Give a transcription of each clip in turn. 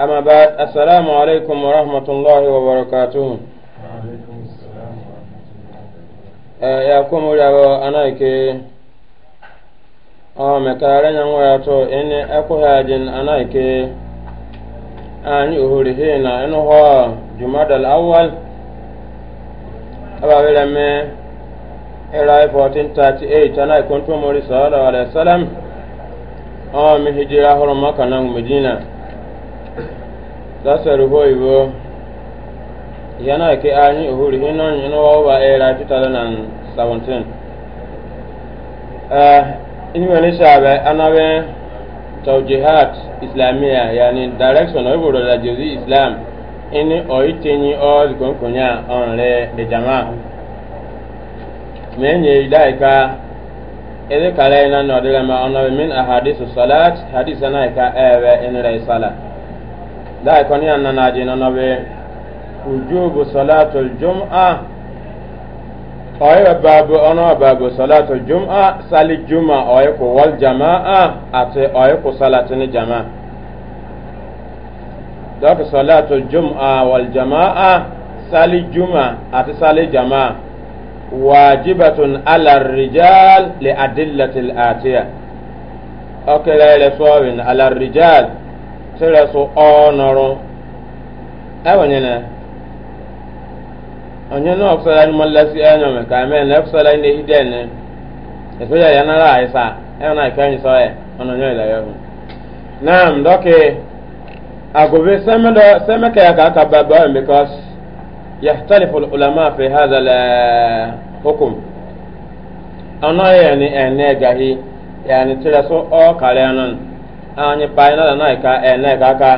أما بعد السلام عليكم ورحمة الله وبركاته ya komo daga anaike a mekare yan waya to ene ekuhajin anaike anyi ah, uhurihe na inu ha jumadal awal abawere me era 1438 anaikun tumori sallallahu alaihi wasallam a mi hijira horo maka nan medina dasar hoibo yana ke anyi uhuri hinon yana wawa era 2017 eh ini wani shabe anabe tawjihat islamia yani direction oibo da jezi islam ini oi oitenyi all konkonya onre de jama menye idaika ele kala ina nodele ma onabe min ahadisu salat hadisa ika ewe inre salat daa kɔni a nana je nana be ujubu salatul jum'a oye babu ono babu salatul jum'a sali juma oye ko wal jama'a ate oye ko salatini jama dɔk salatul jum'a wal jama'a sali juma ate sali jama'a wajibatun ala rijal li adillatil atiya okelele sowin ala rijal sịrị sụ ọnọrọ abanyela e onye na ọfisala e ni mo lasi anya mi ka mẹ na ọfisala ni ehi ya ayisa ẹnna akẹyin sọ ẹ ọnà onye ìlà yẹn fún naam dọkì agobe sẹmẹdọ sẹmẹkẹ ya kàkà bàbá ẹ because fi hàzà hukum ọ̀nà yẹn ni ẹ̀ ní ẹ̀ gàhí yẹn ni tìrẹ anyị pai na na ka ene eh, ka ka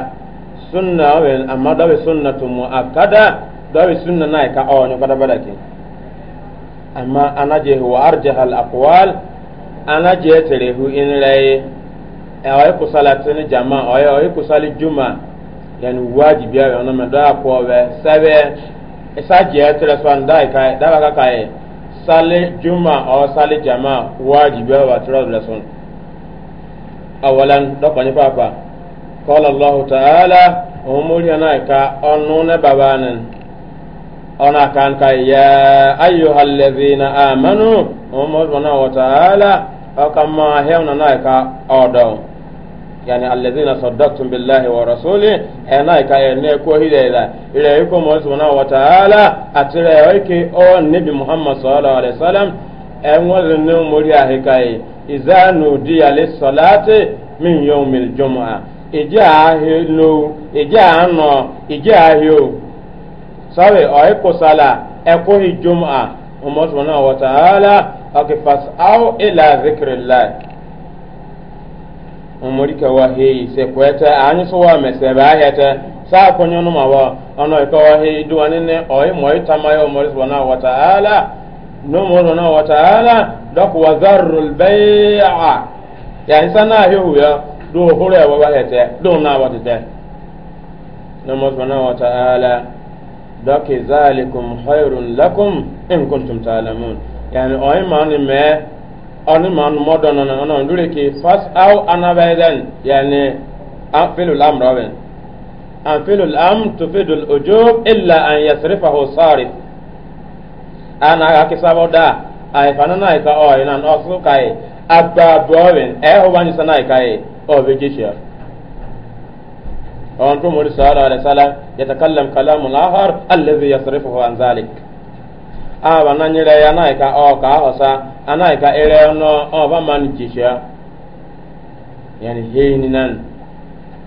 sunna we amma da we sunnatu muakkada da we sunna na ka o nyu da badaki amma anaje wa arjaha al aqwal tere hu in rai e eh, ay ku salatin jama ay ay ku sali juma yani wajibi ya na meda ko we sabe isa je tere so anda ka da ka ka sali juma o sali jama wajibi wa tura da awalan dokoni papa qala allah ta'ala umuri anaika onuna babanan ona kan ka ya ayyuhallazina amanu umurna wa ta'ala akama hewna naika odo yani alladhina saddaqtum billahi wa rasuli enaika ene ko hilela ile yuko mo subhanahu wa ta'ala atire yake o nabi muhammad sallallahu alaihi wasallam enwa ne muri ahikai iza nudi ali salati min yawmil jumu'a ije ahi lo ije ano a ahi o sabe o ko sala hi jumu'a umma subhanahu wa ta'ala akifas aw ila zikrillah kweta anyi so wa mesebe ahete sa akonyo no mawa ono iko wa hi duwani ne o mo itama yo dɔk wa zarul bɛɛca yaani sanaa hihu ya doo hore wa ba hɛtɛ doo naa wa tɛtɛ nomo subhanahu wa ta'ala dɔk zalikum khayrun lakum in kuntum ta'lamun yaani ɔyi maani mɛɛ ɔni maani mɔdɔnɔ na ɔnɔ ndure ki fas aw anabɛɛdɛn yaani an filul amra àìfàánà náà ìka ọ̀ ìlànà ọ̀sùn káyè agbábọ̀ ọ̀rìn ẹ̀họ́ wá nyùsọ̀ náà ìka yìí ọ̀bẹ jíṣẹ́ ọ̀n tó mọ̀rí sọ̀rọ̀ alẹ́ sálá yàtàkàlẹ̀m kàlámù láhàr alẹ́bí yasọ̀rọ̀ fọwọ́ anzali. àbà náà nyẹrẹ ya náà ìka ọ̀ ká ọ̀sá anáà ìka ẹrẹ́ ọ̀nà ọ̀bá máa ní jíṣẹ́ yẹn ni hẹ́yìn nínú.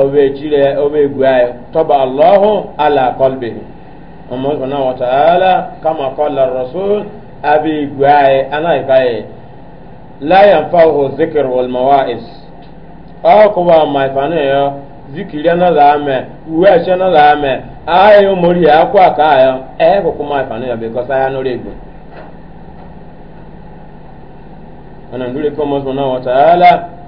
ọbẹ̀ jire ọbẹ̀ guaye tọba allahu ala kọlbe ọmọ ọ̀nà wàtàlá kama kọla rasul abi guaye anáyíkáyé láyàn fáwọn zikir wọlmọwá is ọkọba maifani yọ zikiri na zaame uwe ẹsẹ zaame omori ẹ kọkọ maifani yọ bẹkọ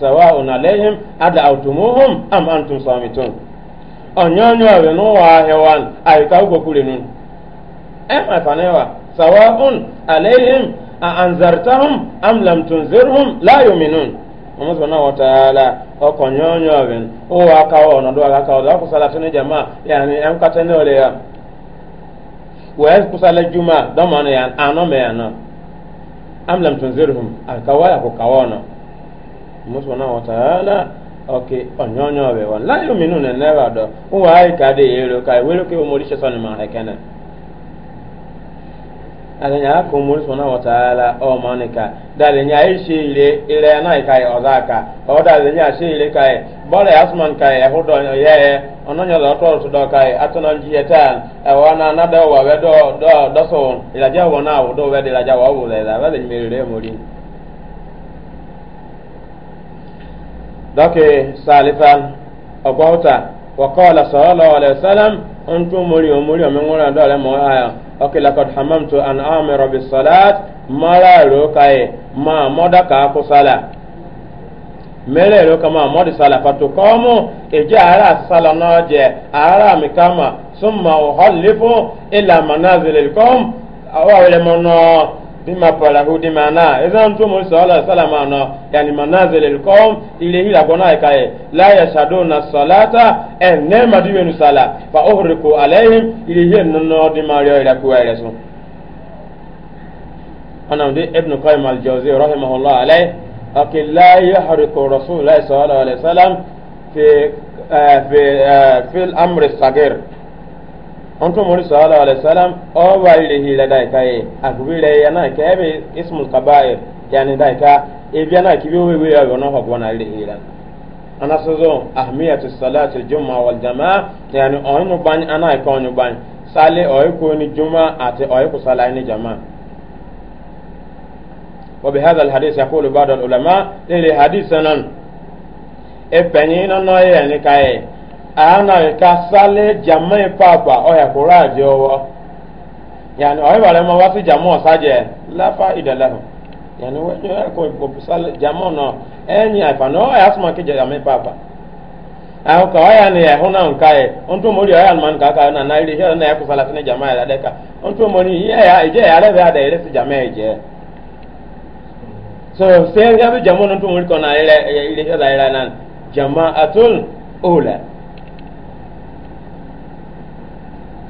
sawa'un alaihim ada autumuhum am antum samitun onyonyo awe no wa hewan ayika ugo kule nun e ma fanewa sawa'un alaihim a anzartahum am lam tunzirhum la yu'minun ọmọ sọ̀nà wọ́n tààlà ọkọ̀ nyọ́nyọ́ ọ̀bìn ó wà káwọ́ ọ̀nà ọdún àgàkà ọ̀dọ̀ ọkùsàlà tó ní jama Yani ẹ̀ ń kàtẹ́ ní ọ̀lẹ́ yà wẹ́ẹ́ kùsàlà juma dọ́mọ̀ ọ̀nà yàn ànọ́ ya náà am lam tunzirhum àkàwọ́ àkùkàwọ́ ọ̀nà musubana wa taala oke onyonyo be wan la yuminu ne never do wa ai ka de yero kai wero ke mo rishe sonu ma rekene ala nya ko mo subana wa taala o manika dale nya ai she ile ile na kai odaka o dale nya she ile kai bole asman kai e hodo ye ononyo lo to to do kai atono jietan e wana na do wa we do do so ila jawo na wo do we de la wo le la ba de mi re mo ri dɔke salifan ɔgɔwta wakɔɔla sɔɔlɔ alaisalam ntun muri o muri o mi ŋuna dɔle mɔ aya ɔke lakɔd hamamtu an ami rabi salat mara ero ka ye ma mɔda ka ko sala mɛlɛ ero kama mɔdi sala fatu kɔɔmu eje ara sala nɔɔjɛ ara mi kama summa o hɔlifo ila manazilil kɔm awa wele mɔ nɔɔ bima falahu dimana ezan to mo sala salama no yani manazil alqawm ile hila gona kae la yashaduna salata en eh, ne madiwe nu sala fa uhriku alaihim ile hen no dimario ila kuwa resu ana ndi ibn qayyim al-jawzi rahimahullah alayh akil la yahriku rasulullah sallallahu alaihi wasallam fi eh, fi eh, fi al-amr as-sagir onto mori sallallahu alaihi wasallam o waile hila dai e, kai akubile yana kebe ismul kaba'ir yani dai ka ebiana kibe we we yawo no hokwana ile hila ana sozo ahmiyatu salati aljumma wal jamaa yani onu ban ana e ko onu ban sale oy e ko ni juma ate oy ko sala ni jamaa وبهذا الحديث يقول بعض العلماء للحديث سنن إبنين نوعين كاي ana ka sale jamai papa ọya kụrụ aje ya yani ọyị bara ma wasu jamọ saje lafa idalahu yani wẹjọ ẹ kọ ìpọpọ sale jamọ nọ ẹnyìn àìfànà ọyà asọmọ kejì papa àwọn kan ọyà ni ẹhún náà nka yẹ na mọ́rí ihe ọ̀nà ẹ̀kọ́ sálà so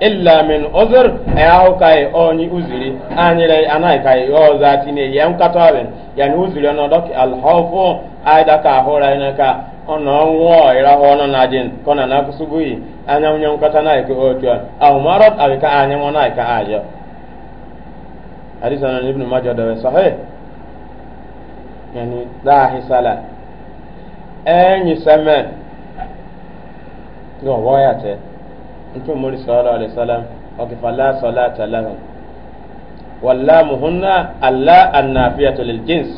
illa min uzr e ayaw kai e oni uzuri anire anai kai e o zati ne yan kataben yani uzuri no dok al khawfu aida ka hora ina ka ono wo ira hono na jin kona na kusugui anya nyam nkata nai ko otwa marat ka anya mo nai ka aja na ibn majah da sahih yani enyi tuntun mori sallallahu alaihi wasallam ọkẹ fala salata lahum wàlámù hunna allah annafiyatu lil jins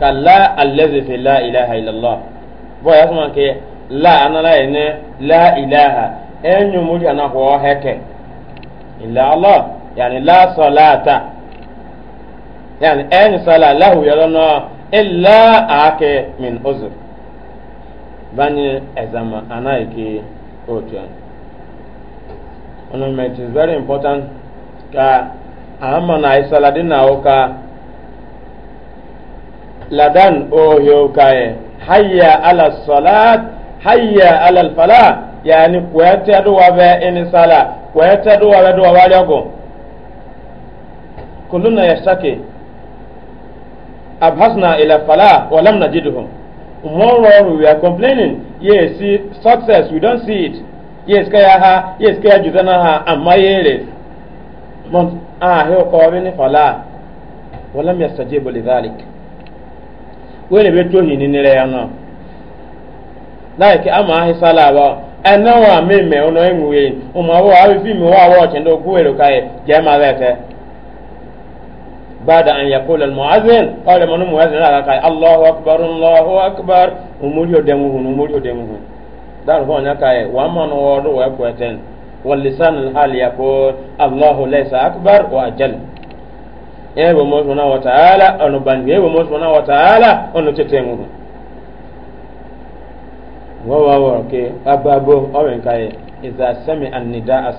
kala allazi fi la ilaha illallah bóyá sọ ma kẹ la anala yẹn ní la ilaha ẹ nyọ mori àná kọ hẹkẹ illa allah yàni la salata yàni ẹ ní sọlá lahu yọrọ náà illa àákẹ min uzur bani ẹzama àná yìí kéé ocean monument is very important ka ama na isaladi na oka ladan ohio kaye hayya ala salat hayya ala alfala yani kwete duwa be ini sala kwete duwa be duwa wali ogo kulluna yashtaki abhasna ila fala wa lam najidhum wrong wrong we are complaining yes see success we don't see it yes kaya ha yes kaya juzana ha amma yele mont ah he ko be ni fala walam yastajibu lidhalik wele be to hini ya na like ama hi sala ba ana meme ono enwe o ma wa fi mi wa wa chendo kuwelo get jema lete بعد أن يقول المؤذن قال من المؤذن لا الله أكبر الله أكبر أمور يدمهن أمور يدمهن دار هو نكاي ومن ورد ويكوتن واللسان الحال يقول الله ليس أكبر وأجل ebo mo sona وتعالى taala ono ban ebo mo وتعالى wa taala ono tetemu كي wa wa ke ababo o ben kai iza sami an nida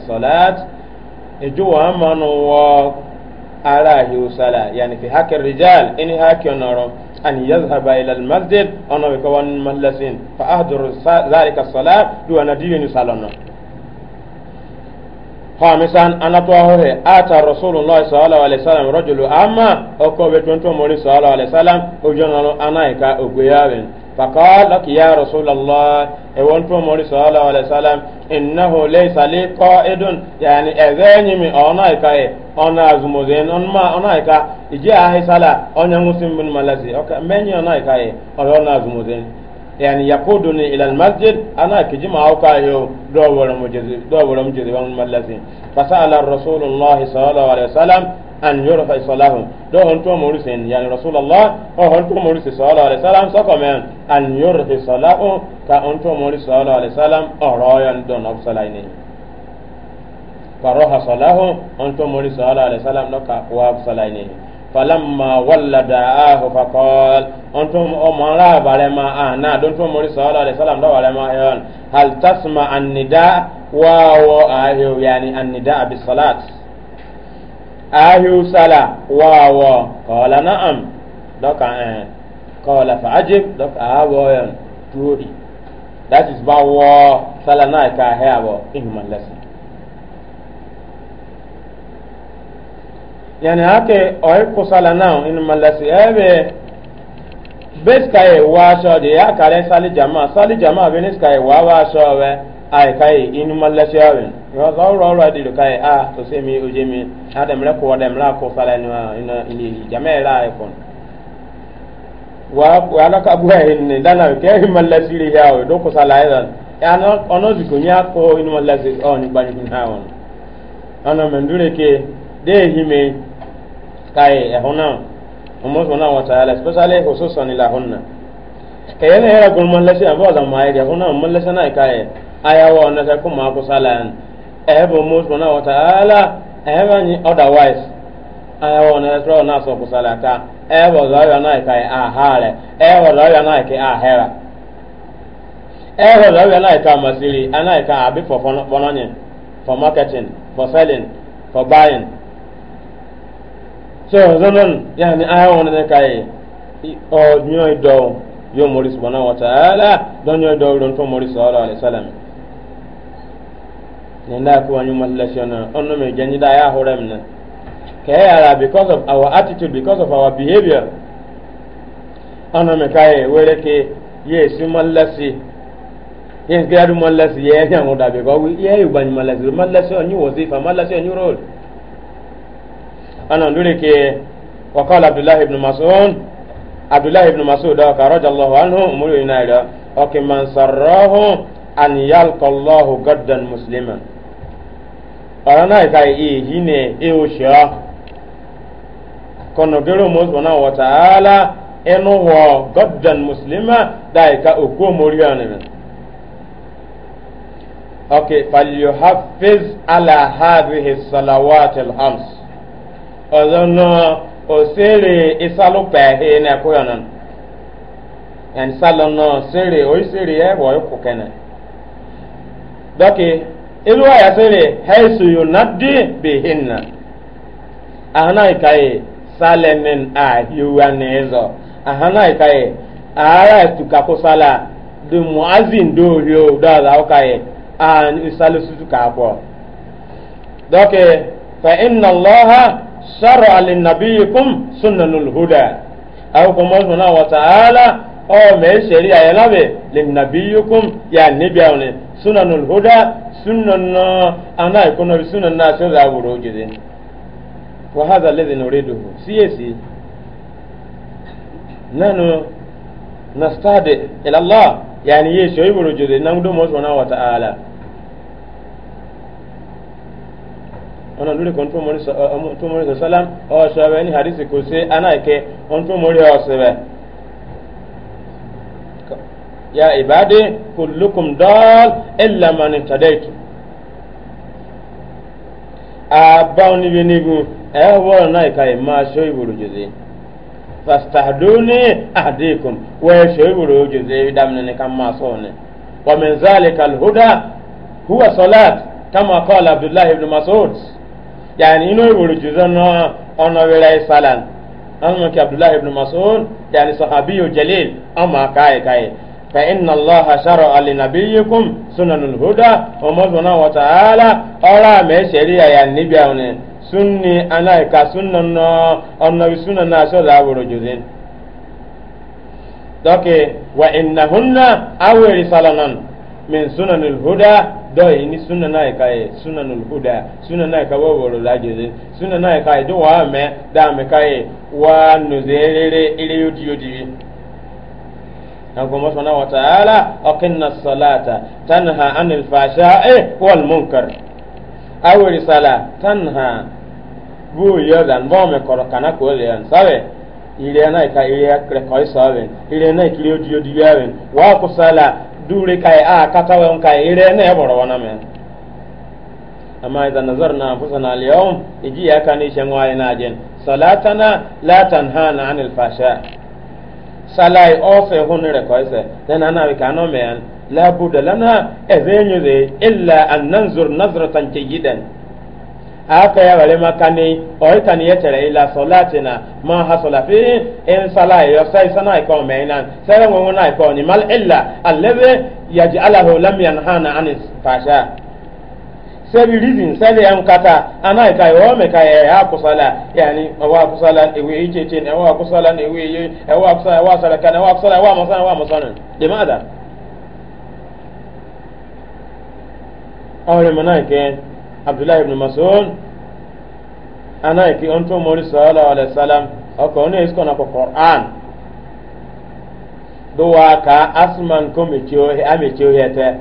ara hiusala yani fi hakki rijal ini hakki onoro an yazhaba ila almasjid ono be kawan mahlasin fa ahduru zalika salat duwa na diwenu salono خامسا أنا طاهر أتى رسول الله صلى الله عليه وسلم رجل أما أكو بتنتو مولى صلى الله عليه وسلم وجنالو أنا إكا أبويا فقال لك يا رسول الله وانت مولى صلى الله عليه وسلم انه ليس لي قائد يعني اذاني من انا كاي انا زموزين ان ما انا كا يجي اهي صلاه انا مسلم من ملازي اوكي من انا كاي انا زموزين yani yaquduni ila almasjid ana kijima aw ka yo do wala mujezi do wala mujezi wa mallasi fasala rasulullah sallallahu alaihi wasallam an yurfa salahum do hon to murisin yani rasulullah o hon to murisin sallallahu alaihi wasallam sako men an yurfa salahum ka on to muris sallallahu alaihi wasallam o royan do no salaini faroha salahum on to muris sallallahu alaihi wasallam no ka wa salaini falamma wallada ahu faqal ontum o oh, mara barema ana ah, don tum mori sallallahu alaihi wasallam da barema yon hal tasma an nida wa wa ahu yani an nida bi salat ahu sala wa wa qala na'am doka eh qala fa ajib doka awo yon tuori that is ba wa sala na ka hawo in man lesson yani ake oy kusala now in malasi ebe bes kai wa de ya sali jama sali jama be wa we ai kai in malasi yo ro ro di kai a ah, to se mi oje mi adam re ko adam ra ko sala ni wa ah, ina ni jama ra e kon wa wa la ka bu hin dana ke malasi ri ya o do kusala ya no ono ko in malasi o oh, ni ha ana mendure kai ehuna umma subhanahu wa ta'ala especially hususan ila hunna ka era gulman ya na kai aya na ta kuma ku eh, wa eh, ni otherwise na ta na so ku eh, ya na kai a hare ebo na kai a hera na kai masiri ana kai abi for for for marketing for selling for buying so zonon yani aya wona ne kai o nyoy do yo mori subhanahu wa ta'ala don nyoy do don to mori sallallahu alaihi wasallam ne na ko anyu mallashana onno me janyi da ya horem na ke ara because of our attitude because of our behavior onno me kai were ke yes mallasi yes gradu mallasi ye nyango da be ko ye yu ban mallasi mallasi onyu wazifa mallasi onyu role أنا ندرك وقال عبد الله بن مسعود عبد الله بن مسعود رضي الله عنه أمر إلى وكمن من سراه أن يلقى الله غدا مسلما أنا كاي إيه هنا إيه kono gero mo subhanahu wa ta'ala eno ho goddan muslima dai ka oku moriyan okay falyuhaffiz ala hadhihi salawat al o osere isalu pehe na kuyonon yani salono sere o sere e wo ku kene doki ilu aya sere haisu yunaddi bihinna ahana kai salenin a yuwa ne na ahana kai ara tuka ko sala du muazin do yo da da kai an isalu su tuka ko doki fa inna allaha شرع لنبيكم سنة الهدى أو كما سبحانه وتعالى أو ما شريعة يلبي لنبيكم يا نبي سنة الهدى سنة أنا يكون بسنن ناس يزعبوا روجدين وهذا الذي نريده سياسي نحن نستهدئ إلى الله يعني يشوي بروجدين نمدو موسونا وتعالى ona lure kon to mori to mori sallam o shabe ni hadisi ko se ana ke on to mori o sebe ya ibadi kullukum dal illa man tadaitu abaw ni benigu e wona na kai ma shoy buru juzi fastahduni ahdikum wa shoy buru juzi damne ne kam ma sone wa min zalika huda huwa salat kama qala abdullah ibn mas'ud yani ino iburu juzo no ono wira isalan anu ki abdullah ibn mas'ud yani sahabiyu jalil amma kai kai fa inna allaha shar'a li nabiyyikum sunanul huda wa mazuna wa ta'ala ora me sharia ya nibia ne sunni ana ka sunnan no annabi sunnan na so da iburu juzin doke wa innahunna awri salanan min sunanul huda dɔyi ni suna naa ka ye suna nul huda suna naa ka bɔ wolo la jeze suna naa ka ye do waa mɛ daa mɛ ka ye waa nuzeerere ere yoti yoti bi nankoma sɔnna wa taala ɔkinna salata tanha anil fashae wal munkar awiri sala tanha buu yɔdan bɔn mɛ kɔrɔ kana k'o le yan sabe ire naa ka ire kɔi sɔbɛn ire na kiri yoti yoti bi yabɛn waa kusala dure kai a katawen kai ire ne boro wana me amma idan nazarna anfusana al-yawm iji ya kani shengwa ina jen salatana la tanhana anil fasha salai ofe hunire koise den ana wi kano me la budalana ezenyu illa an nanzur nazratan jayyidan aka ya ni makani na ni chere ila na ma sola fi in sala yo sai sana iko meinan sai ngo na iko ni mal illa allabe yaj'alahu lam anis fasha sebi reason sɛbi ya kata ana ika ɛwɔ mɛ ka ɛ ɛwɔ akusala yanni ɛwɔ akusala ewu eyi tsetse ɛwɔ akusala n'a abdullahi ibn mas'ud ana ki on to mori sallallahu alaihi wasallam oko ne isko na ko qur'an do wa ka asman ko mi tiyo he ame tiyo hete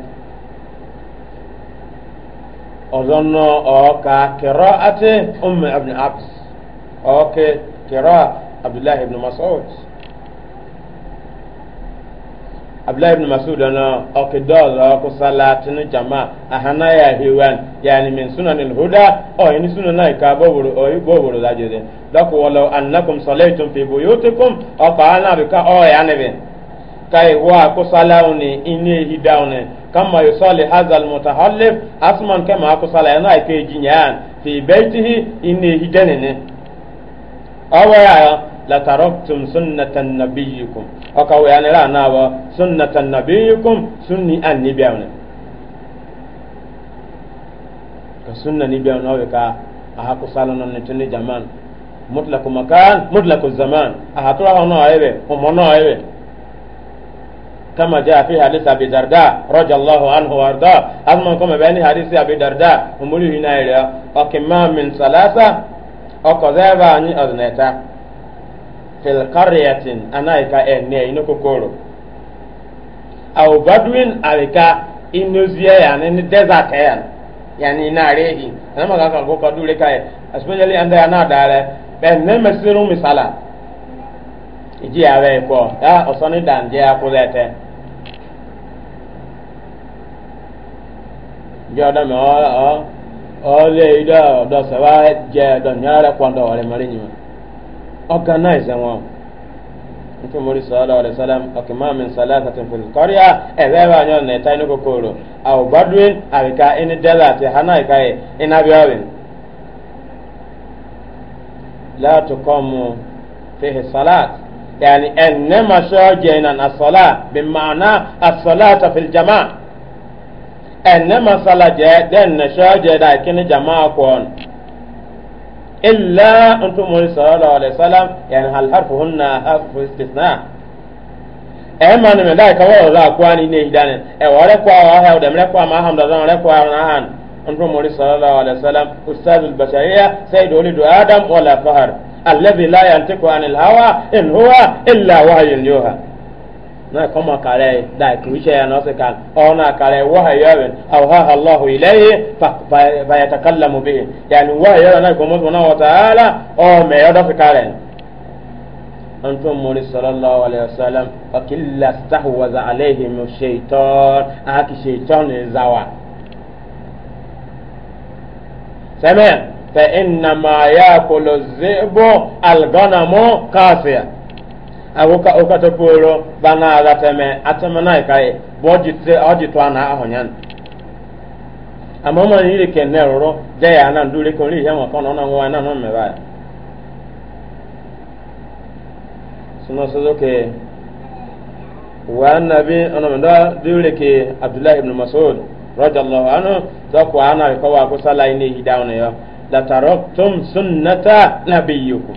ozonno o ka qira'ati umm ibn abdullahi ibn mas'ud abdullahi ibn masud ana okidol oko salatinu jama ahana ya hiwan yani min sunanil huda o ini sunana ka boburu o yi boburu da jere dako wala annakum salaitum fi buyutikum o ka ana bi ka o ya ne be kai wa ko salawni ini hidawne kama yusali hadha almutahallif asman kama ko salayna ke jinyan fi baitihi ini hidanene awa ya lataraktum sunnatan nabiyikum oka we anira na wa sunnatan nabiyikum sunni annabiyana ka sunna ni biya nawe ka a haku salana ne tunde jaman mutlaku makan mutlaku zaman a hatura hono ayebe homono ayebe كما جاء في حديث ابي درداء رضي الله عنه وارضاه اما كما بين حديث ابي درداء ومولي هنا الى وكما من ثلاثه وكذا عن fil qaryatin anaika enne ino kokoro aw badwin alika inoziya yani ni desert ya yani ina rehi na maka ka ko kadure kai especially anda yana dare ben ne mesiru misala iji awe ko ya osoni danje akulete jọdọ mi ọ ọ ọ lé idọ ọdọ sẹwà jẹ ọdọ nyọrọ rẹ kọndọ ọrẹ organize wọn nítorí nke rí sọ́ọ́lá ọ̀rẹ́ sálám mi sálá àtàtúnfẹ̀ kọ́ríà ẹ̀fẹ́ bá yàn ní ẹ̀ta inú kòkòrò àwòbádùn àríkà ẹni dẹ́là àti hànà ìka yẹ iná bí ọ̀rìn. mu fihì sálát yàní ẹ̀nẹ́ máa ṣọ́ jẹ́ iná àsọ̀lá bí màánà àsọ̀lá àtàfẹ̀ jama ẹ̀nẹ́ máa sálà dà إلا أنتم مولي صلى الله عليه وسلم يعني هل حرف هنا حرف استثناء أما أنا من ذلك ولا لا كوان إني هدان ولا كوا وها ولا من ما هم دزان ولا كوا أنتم مولي صلى الله عليه وسلم أستاذ البشرية سيد ولد آدم ولا فهر الذي لا ينطق عن الهوى إن هو إلا وحي يوحى na koma kare da kuisha ya nose kan ona kare waha yawen aw ha Allah ilayhi fa yatakallamu bihi yani waha yawen na koma subhanahu wa ta'ala o me yoda kare antum muri sallallahu alaihi wasallam wa killa stahwaza alaihim shaytan aki shaytan zawa sama fa inna ma yakulu dhi'bu al-ghanamu qasiya awoka okato poro bana ala teme ateme na kai e, boji tre oji to ana ahonyan amama ni le kenne roro de ya na ndure ko ri hema kono na ngwa na no me ba suno so ke wa nabi ono menda dure ke abdullah ibn mas'ud radiyallahu anhu ana ko wa ko sala ine hidawo yo la taraktum sunnata nabiyyukum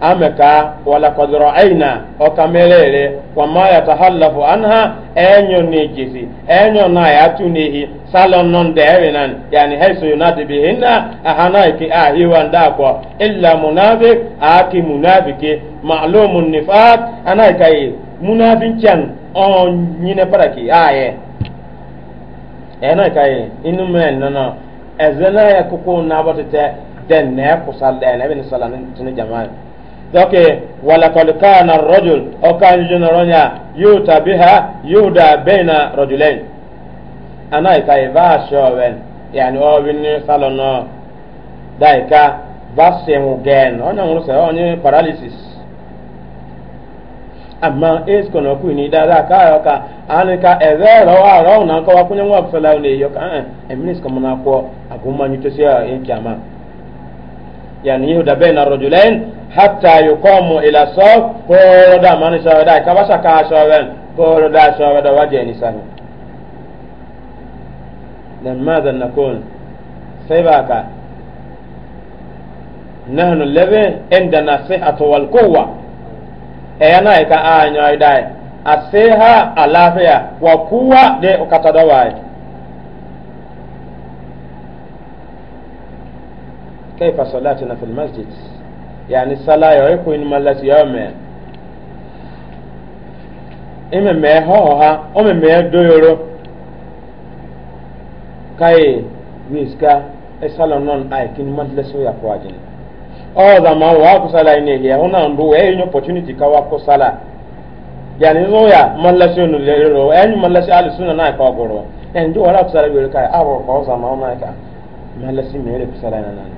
ameka wala kwadoro aina okamelele wama yatahallafu anha enyo nejisi enyo na yatu nehi salon non dewinan yani haisu yunadi a ahana ki ahiwan dako illa munafik aki munafiki ma'lumun nifaq ana kai munafin can on nyine paraki aye ena kai inu men nana ezena yakoko nabatete den ne kusalde ne bin salanin tinu jama'a doke walakad kana rajul o kanjunoronya yuta biha yuda baina rajulain anai kai va showen yani o winni salono daika vasemu gen onya nguruse onye paralysis amma es kono ku ni da da ka yo ka an ka eze ro wa ro na ko wa kunya ngwa fela ne yo ka eh eminis ko mona ko aguma nyuto sia en kiama yani yuda baina rajulain hatta yuqamu ila saf ko da man shawe da ka basa ka shawe ko da shawe da waje ni sani dan madha nakun sai baka nahnu lebe inda nasihatu wal quwwa eyana ka anyo dai asiha alafia wa kuwa de ukatadawai كيف صلاتنا في المسجد yani sala yo ko in malati yo me ime me ho ha o me me do yoro kai wiska e sala non ai kin malati ya ko ajin o da ma wa ko sala ine ya ona ndu e ni opportunity ka wa ko sala yani zo ya malati no le yoro e ni malati ali sunna na ka goro en do wala ko sala yoro kai abo ko sa ma ona ka malati me le ko sala na na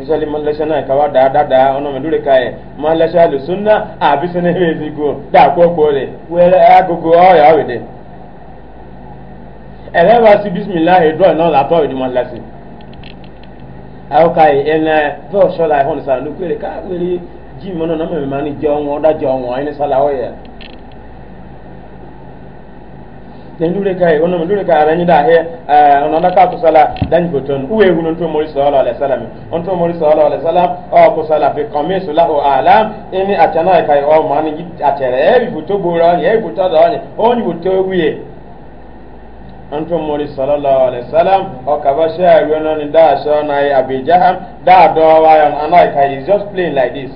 misali man lasa na kawa da da da ono me dure kae man lasa lu sunna a bisene be zigo da ko ko le wele agogo o ya we de ele wa si bismillah e do na la to di man lasa aw kae en do so la hon sa lu kwere ka wele ji mono na me mani jo won da jo won ni sala o ya den dure kai ono mun dure kai arani da he eh, ono na ka kusala dan goton uwe hunun to mori sallallahu alaihi wasallam on to mori sallallahu alaihi wasallam o kusala be kamisu lahu alam ini atana kai o mani atere bi buto bora ye buto da ni oni buto wiye anto mori sallallahu alaihi wasallam o kaba share yono ni da so na abi da do wa yon anai kai just plain like this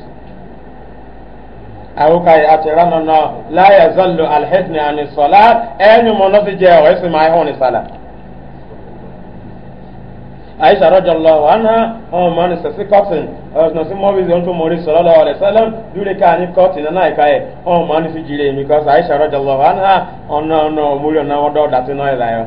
awukai atirano no la yazallu alhitni ani salat enyu mono si je o esi mai honi sala aisha radiyallahu anha o man sa si cotton o no si mo bizi onto mori sallallahu alaihi wasallam dure ka ni cotton na ikaye o man si jire mi because aisha radiyallahu anha ono no muri na wodo dati no ila yo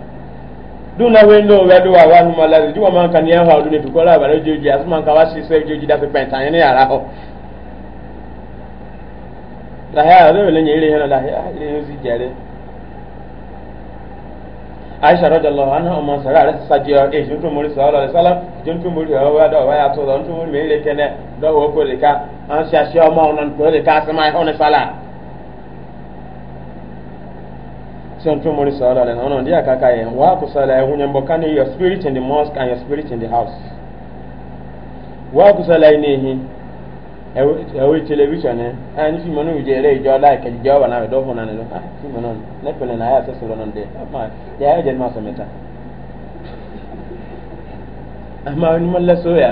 duna wendo wa do wa wanu malari juwa man kan ya ha dune tukola ba joji asuma kan wa sise joji da pepe tan ara ho la ya do le nyere he la ya le yo si jare aisha radiyallahu anha umma sara ala sajiya e juntu muri sallallahu alaihi wasallam juntu muri wa ya to do juntu muri me le kene wo ko le ka an sha sha ma onan ko le ka sama ho ne sala sun tun muri sallallahu alaihi wasallam dia kaka ye wa ku sala ye hunyam bokani your spirit in the mosque and your spirit in the house wa ku sala ne hi ewe television ne ani fi manu je re jo la ke jo bana do hona ne do ah fi manu ne pele na ya se solo non de ma ya ya je ma so meta ama ni malla so ya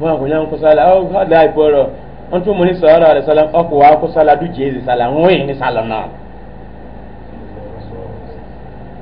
wa ku nyam ku sala au ha dai poro on tun muri sallallahu alaihi wasallam aku wa ku sala du jezi sala ngwe ni sala na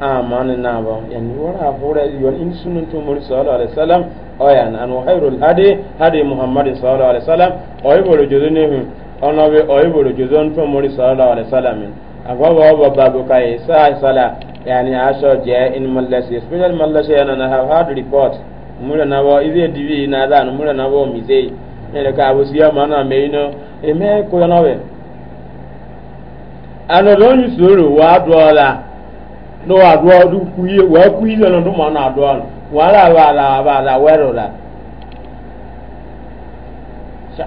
amani nabo yani wala bura yon in sunan to muri sallallahu alaihi wasallam oyan an khairul hadi hadi muhammad sallallahu alaihi wasallam oy bolo jodone hu ona be oy bolo jodon to muri sallallahu alaihi wasallam agwa wa wa babu kai sa sala yani asho je in mallasi special mallasi yana na have hard report mura nabo ibe divi na dan mura nabo mize ele ka abusiya mana meino eme ko yonawe ano don yusuru wa la. no adua du kuye wa kuye no no na adua wala wala wala wero la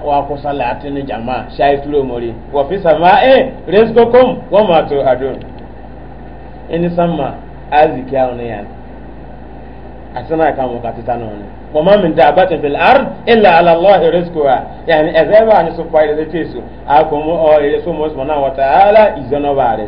wa ko salati ni jamaa shay e tulo mori wa fi sama e eh, rizqukum wa ma tu adun sama aziki ya ne yan asana ka mo ka titano ne wa ma min ard illa ala allah rizquha yani azaba ni tesu o wa ta'ala bare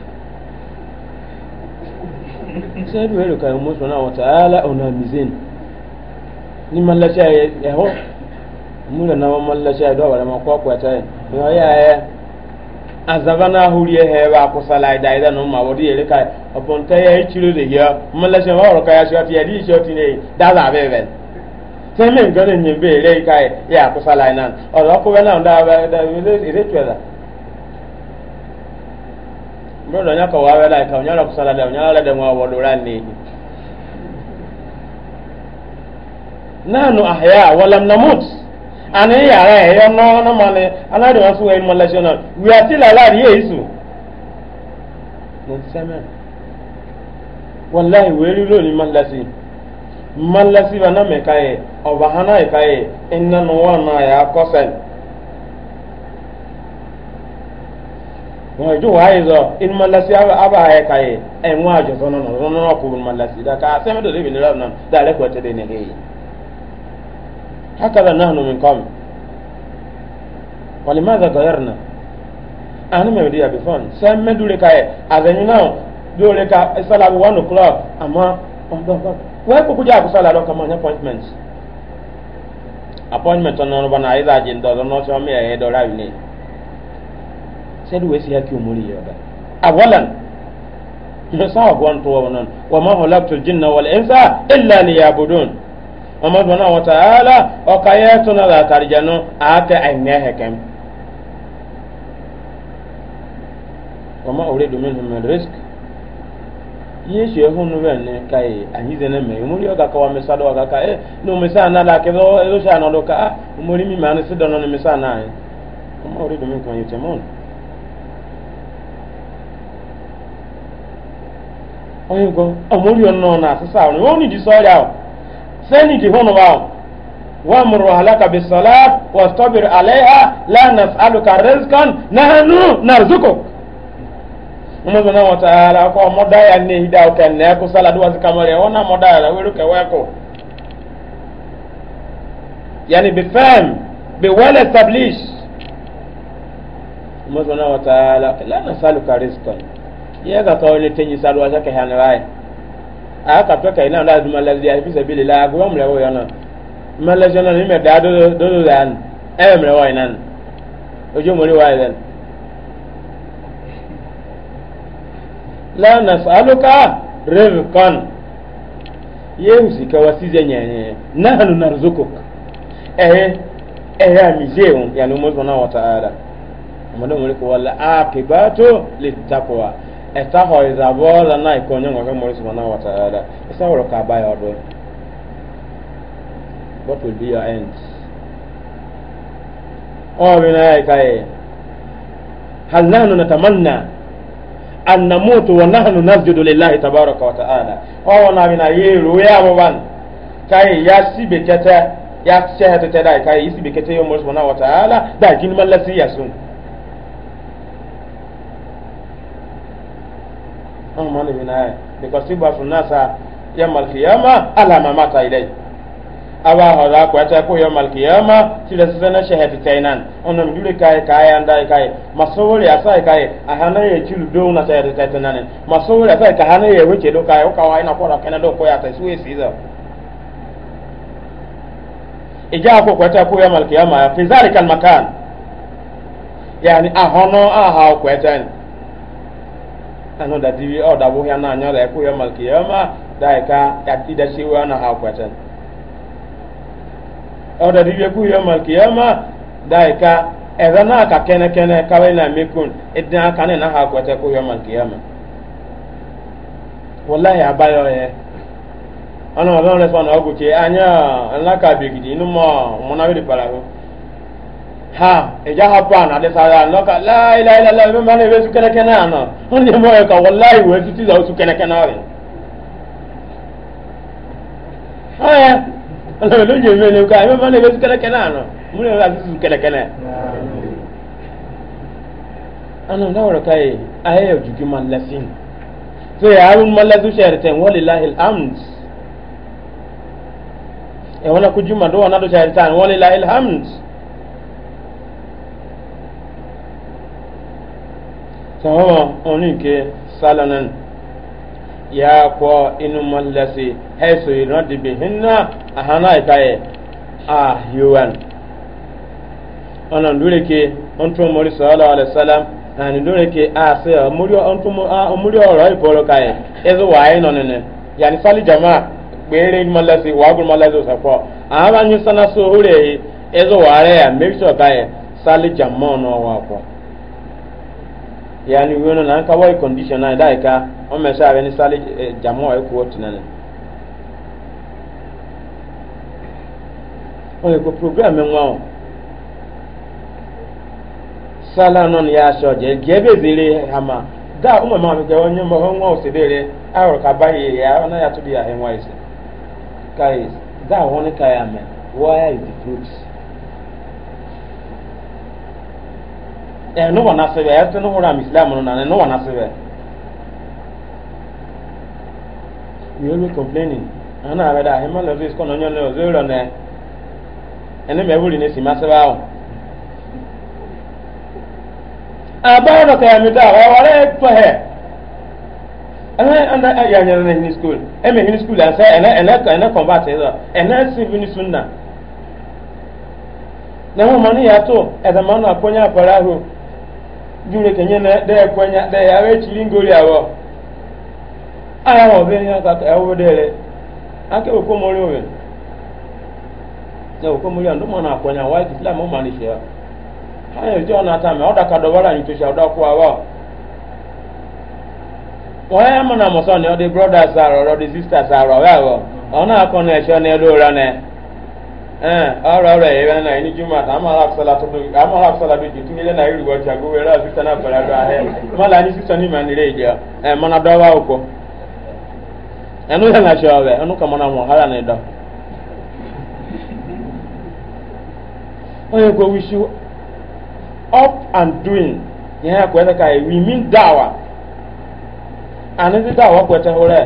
sẹ́dù ẹ̀rọ kan mú sọ náà wọ́tá ala ọ̀nà mizin ní malẹ́sẹ̀ ẹ̀họ́ mú nana wọn malẹ́sẹ̀ ẹ̀dọ́ wàlẹ́ mọ́ kọ́ pẹ̀tẹ́ ẹ̀ ọ̀ yà ẹ̀ azaba na ahuri ehe ba kusala ida ma de kaya ti ya di ne da za ya kusala na da nono nyaka wawela ka nyala kusala da nyala da mwa wadurani nanu ahya walam namut ana yara yo no no mane ana de wasu wa ilmu national we are still alive here isu nisema wallahi weli lo ni malasi malasi bana me kae obahana kae enna no wana ya kosen wọn ju wa yi zɔ in ma lasi a b'a ka ye ɛ n jɔ nɔ da ka sɛmɛ dɔ de bi ne nɔ da ale kɔ tɛ de ne ye n'a kɔm wali ma na ani mɛ di e, a bi fɔn sɛmɛ ka a e ka sala bi one o'clock a ma ɔn dɔn fɔn wɛ ko sala kama n appointment appointment tɔ nɔnɔ bana a yi zaa dɔ nɔ sɔn mi sedu wesi haki umuri yoda awalan yosan wa gwan tuwa wannan wa ma halaktu jinna wal insa illa liyabudun amma dona wa ta'ala o kayatu na la tarjanu aka ayne hekem wa ma uridu minhum min rizq yesu ehunu bene kai anyizene me umuri oga kawa misado oga ka eh ah, no misana la ke do elo sha no do ka umuri mi manu sidono ni misana ma uridu minkum yutamon oyin ko omori onno na sisa oni oni di so ya seni di hono wa wa muru halaka bis salat wastabir alaiha la nas'aluka rizqan nahnu narzuquk umazana wa ta'ala ko moda ya ne hida ka ne ko sala duwa kamare ona moda ya weru ka wako yani bi fam bi well established umazana wa ta'ala la nas'aluka rizqan ye ka kawle tenyi salwa ja ka hanwa ai aka to kai na da duma la ya fi sabili la go mle wo yana mala jana ni me da do do do dan e mle wo yana ojo mo ni wa yana la nas'aluka rizqan ye usika wasize nyenye nahnu narzukuka ehe ehe amizeu yani umozo na wa taala mwanadamu liko wala akibatu litakwa eta ho iza bola na ikonyo ngoke mo subhanahu wa ta'ala isa woro ka ba yodo what will be your end o bina ya kai hal nahnu natamanna an namutu wa nahnu nasjudu lillahi tabaraka wa ta'ala o na na bina yero ya bo ban kai ya sibe kete ya shehe tete dai kai isibe kete yo mo subhanahu wa ta'ala da kin mallasi ya sun sun mani mina ya because tiba sun nasa yamal kiyama ala ma mata ilai awa hada ko ta ko yamal kiyama sila sana shahati tainan onon dure kai kai anda kai masawori asai kai a hana ya chilu do na sai ta tainan masawori asai ka hana ya wuce do kai ka wai na ko kana do ko ya ta suwe siza ija ko ko ta ko yamal kiyama fi zalikal makan yani ahono aha ko ta ano da tibi o da buhya na anya da ku ya mal kiyama da ka ati da shi wa na ha kwatan o da tibi ku ya mal kiyama da ka eza na ka kene kene ka we na mikun e idan ka ne na ha kwata ku ya mal kiyama wallahi abayo ye ana ọlọrun rẹ sọ na ọgùn ṣe anya ńlá kàbíyèkìtì inú mọ ọmọ náà wíìdì pàrọ̀ ha eja hapụ a na-adị sara ka ebe ebe sukereke na anọ onye mọ ya ka wallahi wee tutu za sukereke na ọrịa ọya ọlọrọ ló ń jẹ mẹlẹ nǹkan ebe mana ebe sukereke anọ mú lè ra tutu ka ah, eh, so tɔn onye ke salonan ya kɔ inu mɔlɛsi hɛsɔ yi nɔ dibi hinna a hana yi ka yɛ a yowan ɔnà ndúre ke ɔntun mɔri sɔɔlɔ alayisalam ani ke a se ɔmúri ɔntun ɔmúri ɔrɔ ìbɔlɔ ka yɛ ɛzɛ wàá yi yanni sali jama o so sɔ ka sali yani wiyono nan ka wai condition na dai ka o me sa be ni sali eh, jamo e ko tinane o ko program en wa sala non ya so je je be zire hama da umma ma me jawo nyamba ho nwa osidere awro ka bayi ya ona ya to bi ya henwa ise kai da woni kai amen why you the fruits eh na wana sebe ya islam no na no na sebe you complaining ana abeda hema lo is kono nyon lo zero na ene me buri ne si masaba awo abaro ka mi da wa wale to ya school eme school asa ene ene ka ene convert si ni sunna na mo mani ya akonya jure kenye na de kwenya de ya we chiri ngori awo aya wo be ya ka ta wo de le ake wo na wo ko wa islam o ma ni na ta me oda ka do wala ni to se oda ko awo ya mo na mo so o de brothers are or the sisters are awo ona ko na e na do ra ne Eh, ara ara yẹn na ẹni juma ta ama afisala tó dojú ama afisala dojú tún yẹn na irú ọjà gbogbo ẹrọ àfisà náà fẹrẹ àdó ma mọlá ní sísọ ní ìmọ̀ni rẹ ìdíyà ẹ mọ̀nà dọ́wọ́ ọkọ ẹnu yẹn na ṣe ọbẹ ẹnu go up and doing yẹn ya kó ka we mean dawa dawa kó ẹ tẹ́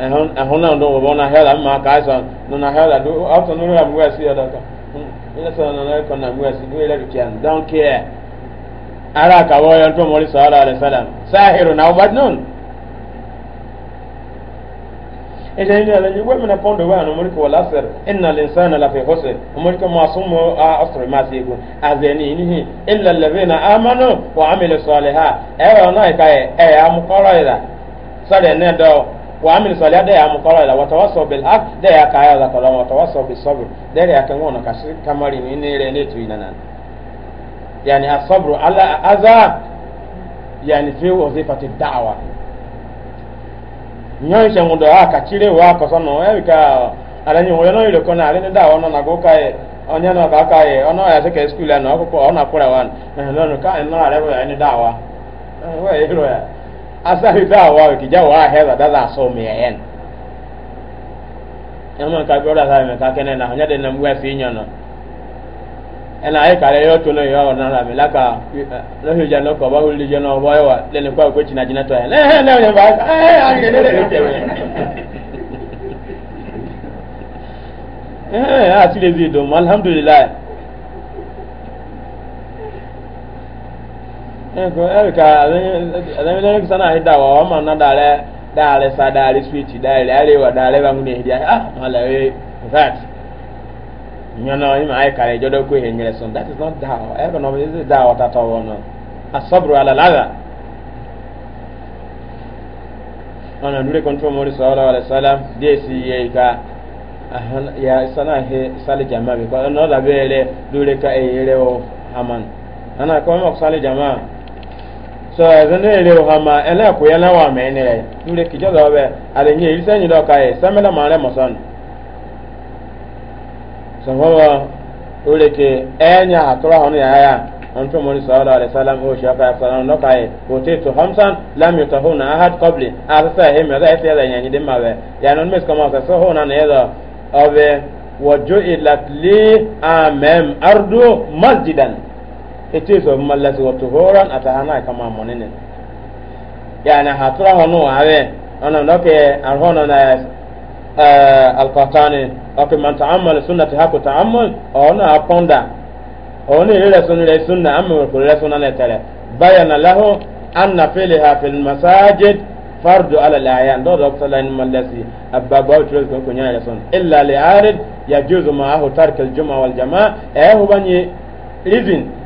ahun náà dùn bọ̀bọ̀ náà hẹ́lá mímọ́ aka àìsàn nínú hẹ́lá dùn ọ̀tún nínú rẹ̀ múwẹ̀ sí ọ̀dọ̀ kan ilé sọ̀rọ̀ nínú na náà múwẹ̀ sí dúró lẹ́bi tíyàn don care ara àkàwọ́ yẹn tó mọ̀rí sọ̀rọ̀ alẹ́ sálàm sáhìrù náà ọba dùn. ẹ̀jẹ̀ ní ẹ̀lẹ́ ní wẹ́mìnà pọ́ńdọ̀ wẹ́ àná mọ̀rí kò wọ́lá sẹ̀r ẹ̀nà lè sàn láfi hósẹ̀ mọ̀rí kò máa australian mọ́ ọ̀sọ̀rọ̀ máa ṣe egun àzẹ̀ni ìníhì ilẹ̀ na ha ẹ̀rọ náà ìka وعمل صلاة ده يا مقرأ لا وتواصوا بالحق ده يا كايا ذا كلام وتواصوا بالصبر ده يا كنون كشر كمارين إن يعني الصبر على أذى يعني في وظيفة الدعوة nyɔn sɛ ŋun dɔ a ka cire wa kɔsɔ nɔ ɛ bi ka asahi da wa ki wa hera da za so me yen yamma ka bi ora sai me ka kene na hanya de na mu asi nya no ena ai kare yo to yo na na me laka no hu ja no ko ba hu li je ba wa le ne kwa ko china jina to yen eh ne ba eh an ne ne ke eh asile zi do alhamdulillah ko ɛri ka ɛdɛmi ayi da wa na da lɛ sa da lɛ switi ayi wa ba ah ma lɛ we nyɔnɔ ima ayi kari ɛdzɔ dɛ ko ehe nyere that is not da o ɛri kɔnɔ ɛdi da o tatɔ wɔ nɔ asɔburu alalaga ɔnà nure kɔntro mori sɔɔlɔ wale sɔɔlɔ deesi yɛ ya sana sali jama bi kɔ yɛlɛ ka eyi yɛlɛ o haman ana kɔmi jama. so zene ile o hama ele ko yana wa me ne le nure ki jodo be ale nye ilse nyi do kai samela mare moson so wa ure ke enya atora hono ya ya antu moni sallallahu alaihi wasallam o shafa ya sallallahu no kai o te to hamsan lam yutahuna ahad qabli arsa he me da ya da nyi de mawe ya non mes kama so hona ne da ave wajuilat li amem ardu masjidan ete is of malasi wa tuhuran atahana kama monene yani hatra hono awe ana noke arhono na eh, alqatani oke man ta'ammal sunnati haku ta'ammal ona aponda ona ile sunna sunna amma ko ile sunna ne tare bayana lahu anna fi'liha fil masajid fardu ala al-ayan do do sala in malasi abba ba to ko ko nyaa son illa li arid yajuzu ma'ahu tark al-jum'a wal jama'a eh hubani reason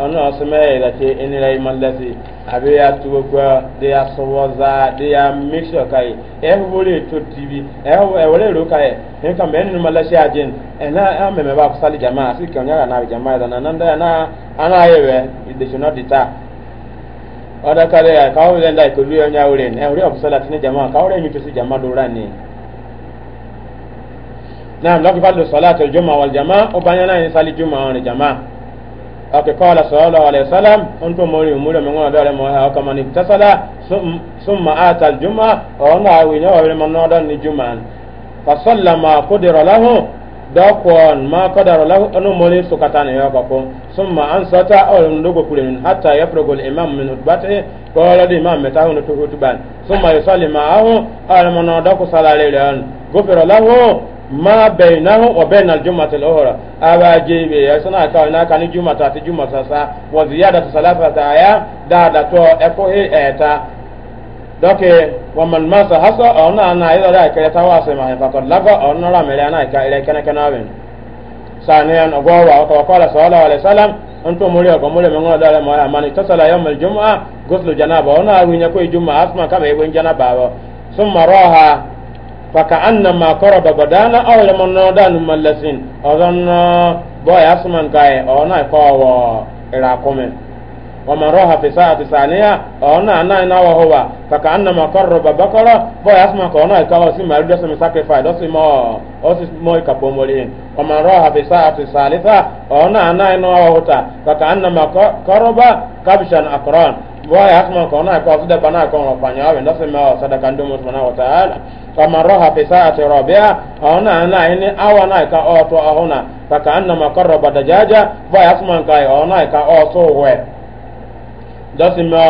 ono sime da ke inira iman lasi abe ya tuwo kwa de ya sowoza de ya mixture kai e wole to tv e wole ro e kai en kam en numa lasi ajin en na a ba kusali jamaa si kan yara na jamaa da nan da na ana yewe de should not deter oda kare ya kawo le ndai ko luyo nya wole en wole kusala tini jamaa kawo le nyu tsi jamaa do rani na lokifalo salatu al-jumu'ah wal jama'a ubanyana ni sali jumu'ah wal jama'a ake kala sallallahu alaihi wasallam on to mori umure men ngona dare mo ha kama ni tasala summa ata aljuma o nga wi nyawa wi man nodan ni juman fa sallama qadira lahu da kon ma qadara lahu anu mori su katana ya ba ko summa ansata aw ndogo kulen hatta yafrugu al-imam min hutbatihi qala di imam meta hono to hutban summa yusalli ma'ahu ala man nodan ko salale ran gofira lahu ma bainahu wa bain al-jum'ati al-ukhra aba jebe ya sana ka na kan jum'ata ta jum'ata sa wa ziyadatu salafata aya da da to e ko he eta doke wa man masa hasa ona na ida da kare ta wasa ma fa kan laga ona ra mere na ka ile kana kana ben saniyan ogwa wa qala sallallahu alaihi wasallam anto muri ko muri mango da ma amani tasala yawm al-jum'a ghuslu janaba ona awinya ko jum'a asma kama ibn janaba thumma raha فكأنما قرب بدانا أو لما نودان ملسين أظن بوي أسمن كاي أو ناي قوة إلى قومين ومن راها في ساعة ثانية أو نا نا نا وهو فكأنما قرب بقرة بوي أسمن كاي ناي قوة سيما يرد سمي ساكريفايد أو سيما أو سيما يكبومولين ومن راها في ساعة ثالثة أو نا نا نا وهو فكأنما قرب كبشا أقران boy asma ko na ko suda bana ko ro panya awe ndo sema wa sadaka ndo mo wa taala fa man raha fi sa'ati rabi'a ona na ini awa na ka o to ahuna fa ka anna ma qarraba dajaja boy asma ka ona ka o so we ndo sema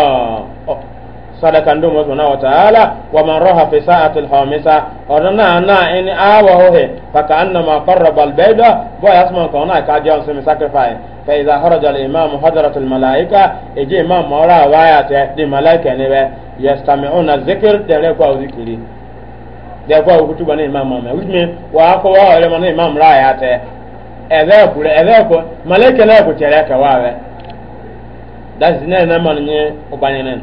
sadaka ndo mo wa ta'ala wa man raha fi sa'atil hamisa orna na in awa ho he fa anna ma qarraba al bayda bo yasma ko na ka jawn sumi sacrifice fa idha kharaja al imam hadrat al malaika eje imam mora waya te di malaika ne be yastami'una dhikr de le kwa zikiri de kwa kutuba ne imam ma which mean wa ko wa ole ma imam ra ya te ebe kure ebe ko malaika na ko tere ka wa be that is ne na man ni obanyenen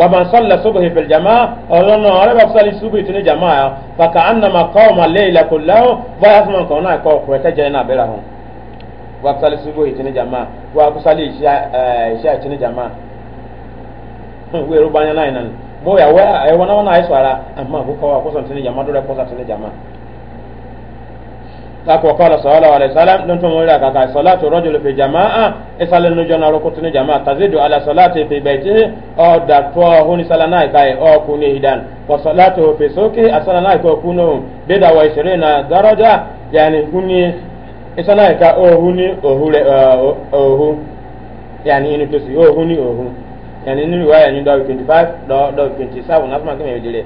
ومن صلى الصبح في الجماعة أولونا أولونا بصلي الصبح في الجماعة فكأنما قوم الليل كله ويسمع كونا يقول كويتا جينا بلهم وصلي الصبح في الجماعة وصلي إشاء في الجماعة ويرو بانيا ناينا مو يا وانا وانا عيسوالا أما بكوا وقصة في الجماعة دولا قصة في الجماعة sako kala sallallahu alaihi wasallam don to mura kaka salatu rajul fi jamaa isalen no jona ro kutune jamaa tazidu ala salati fi baitihi o da to huni salana kai o kuni hidan wa salatu fi suki asalana ko kuno bida wa na daraja yani huni isana ka o huni o hule o hu yani inu to si o huni o hu yani ni riwaya ni do 25 do do 27 nasma kime bidile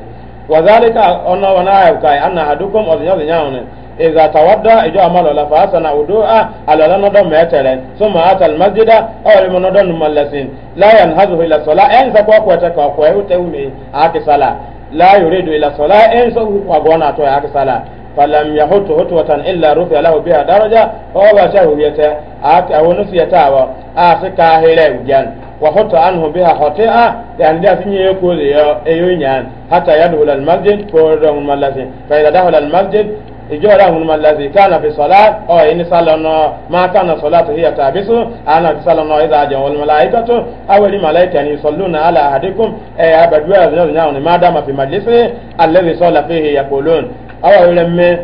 wa dhalika ona wana ayu kai anna hadukum o zinyo zinyo إذا توضأ إجا مال ولا فأسن وضوء على لا ندم ميتلن ثم أتى المسجد أو لمن ندم ملسين لا ينهزه إلى الصلاة إن زكوا كوتك وكوه تهمي أكي صلاة لا يريد إلى الصلاة إن زكوا كوانا توي أكي صلاة falam yahutu hutuwatan illa rufiya lahu biha daraja wa ba ta hubiyata aka wonu siyata wa a se ka hele ujan wa hutu anhu biha khati'a yani da finye ko le yo eyo nyan hatta ijora hun man ladhi kana fi salat aw in sallana ma kana salatu hiya tabisu ana sallana idha ja wal malaikatu aw al malaika yusalluna ala ahadikum ay abadu ya nyaani ma dama fi majlisi alladhi salla fihi yaqulun aw ulama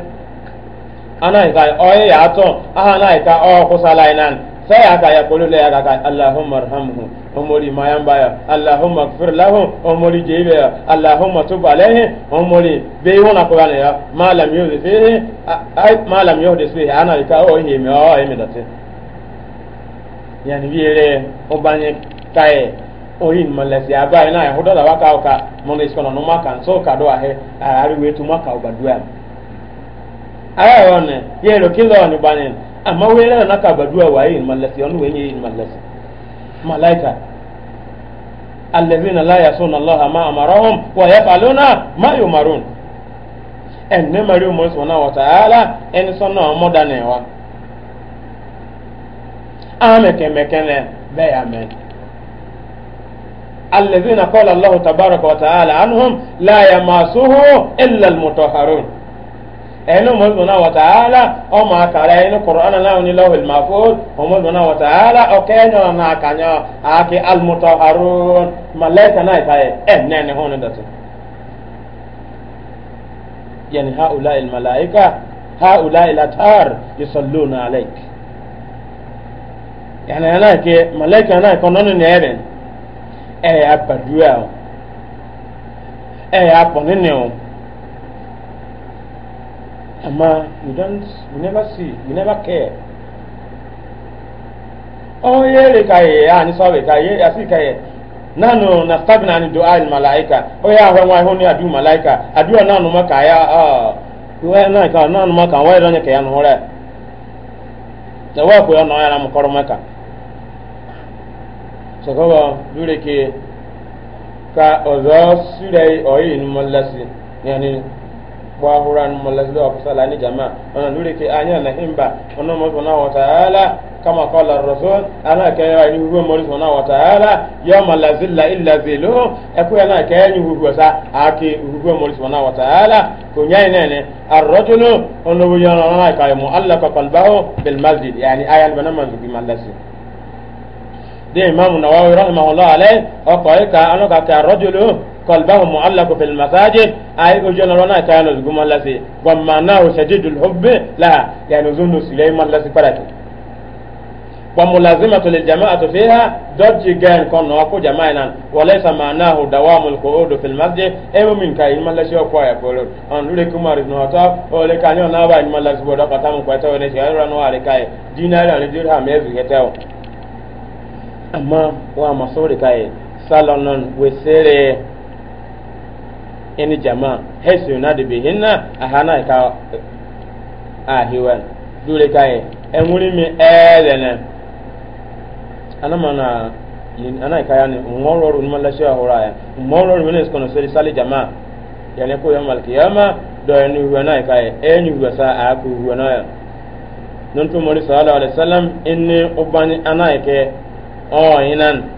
ana ka oye ya to aha na ka o kusala inan saya ka ya kolo le ya ka allahumma arhamhu omori mayamba ya allahumma ighfir lahu omori jebe ya allahumma tub alaihi omori be yona ko bana ya ma malam yuzi fihi ay malam yuhdi fihi ana ka o hi me o hi me date yani wiere obanye kai oyin malasi aba na ya hodola waka oka mono iskona no maka so ka do ahe ari wetu maka obadua aya one yero kilo ni banen amma wera na ka baduwa waye in mallasi wani wani in mallasi malaika allazina la yasuna allaha ma amarahum wa yaf'aluna ma yumarun enne mari umar subhanahu wa ta'ala en sonna ọmọ danewa amekemekene bẹ́ẹ̀ amen allazina qala allahu tabaraka wa ta'ala anhum la yamasuhu illa almutahharun ẹnu mọ̀lùmọ̀nà wọ̀tàálà ọmọ àkàrà ẹnu kọ̀rọ̀ánà náà ní lọ́wọ́ ìlmàfóòd mọ̀lùmọ̀nà wọ̀tàálà ọ̀kẹ́ ẹ̀yọ̀ náà kànyọ̀ àti almutọ̀ harun mọ̀lẹ́kà náà ìfàyẹ̀ ẹ̀ e, náà ní hóun dọ̀tí. yẹn ha ula ilmalaika ha ula ilatar yisọ̀lù náà alẹ́k. yẹn náà ike mọ̀lẹ́kà náà kọ́ nọ́nù e, e, ní ẹ̀rẹ̀ ẹ̀ yà bàdúrà ẹ̀ yà pọ̀ nínú Amma you don't, you never see, you never care. Oh yeah, like I, ani sabe ka ye, ka ye. Nano na stabi ni dua il malaika. Oh yeah, when I honi adu malaika, adu na maka ya ah. Wa na ka na maka wa ro ya no hore. Na wa ya ya na mkoro maka. So ko ke ka ozo sure oyin mallasi. bahuran mọlẹsibẹ ọfisala ni jama ọna lórí ke anya na himba ọna mọsọ náà wọta ala kama kọla rọsọ ana kẹyẹ wa ni huhu mọlẹsibẹ náà wọta ala yọ malazila ilazilu ẹkú yẹn náà kẹyẹ ni huhu sa ake huhu mọlẹsibẹ náà wọta ala kò nyá yìí nẹni arọtulu ọna wo yẹn ọna ka mu ala kọkọlbaho bilmazid yaani ayan bẹ náà ma zubi malasi. de imaamu nawawi rahimahulah alẹ ọkọ yìí ka ka kẹ arọtulu. قلبه معلق في المساجد أي أجلرنا كانوا زقوم لسي ومعناه شديد الحب لا يعني زند سليمان لسي فراتي وملازمة للجماعة فيها دوج جان كون وكو جماعنا وليس معناه دوام القعود في المسجد ايو من كاين من لشي وكو يقول ان لك عمر بن الخطاب ولا كان يوم نابا من لازم بودا قتام كويتا ولا شي غير انو على كاي دينار على درهم يزي هتاو اما وما صوري كاي salon non ini jama hesu na de bihinna ahana ka eh, ahiwan dure kai enwuri eh, mi elene eh, anamana yin ana ka yani ngororo numa la shia horaya ngororo na skono seri sali jama yani ko yamal kiyama do yani wana kai enyu wasa aku ah, wana non mori sallallahu alaihi wasallam inni ubani ana ke o oh, inan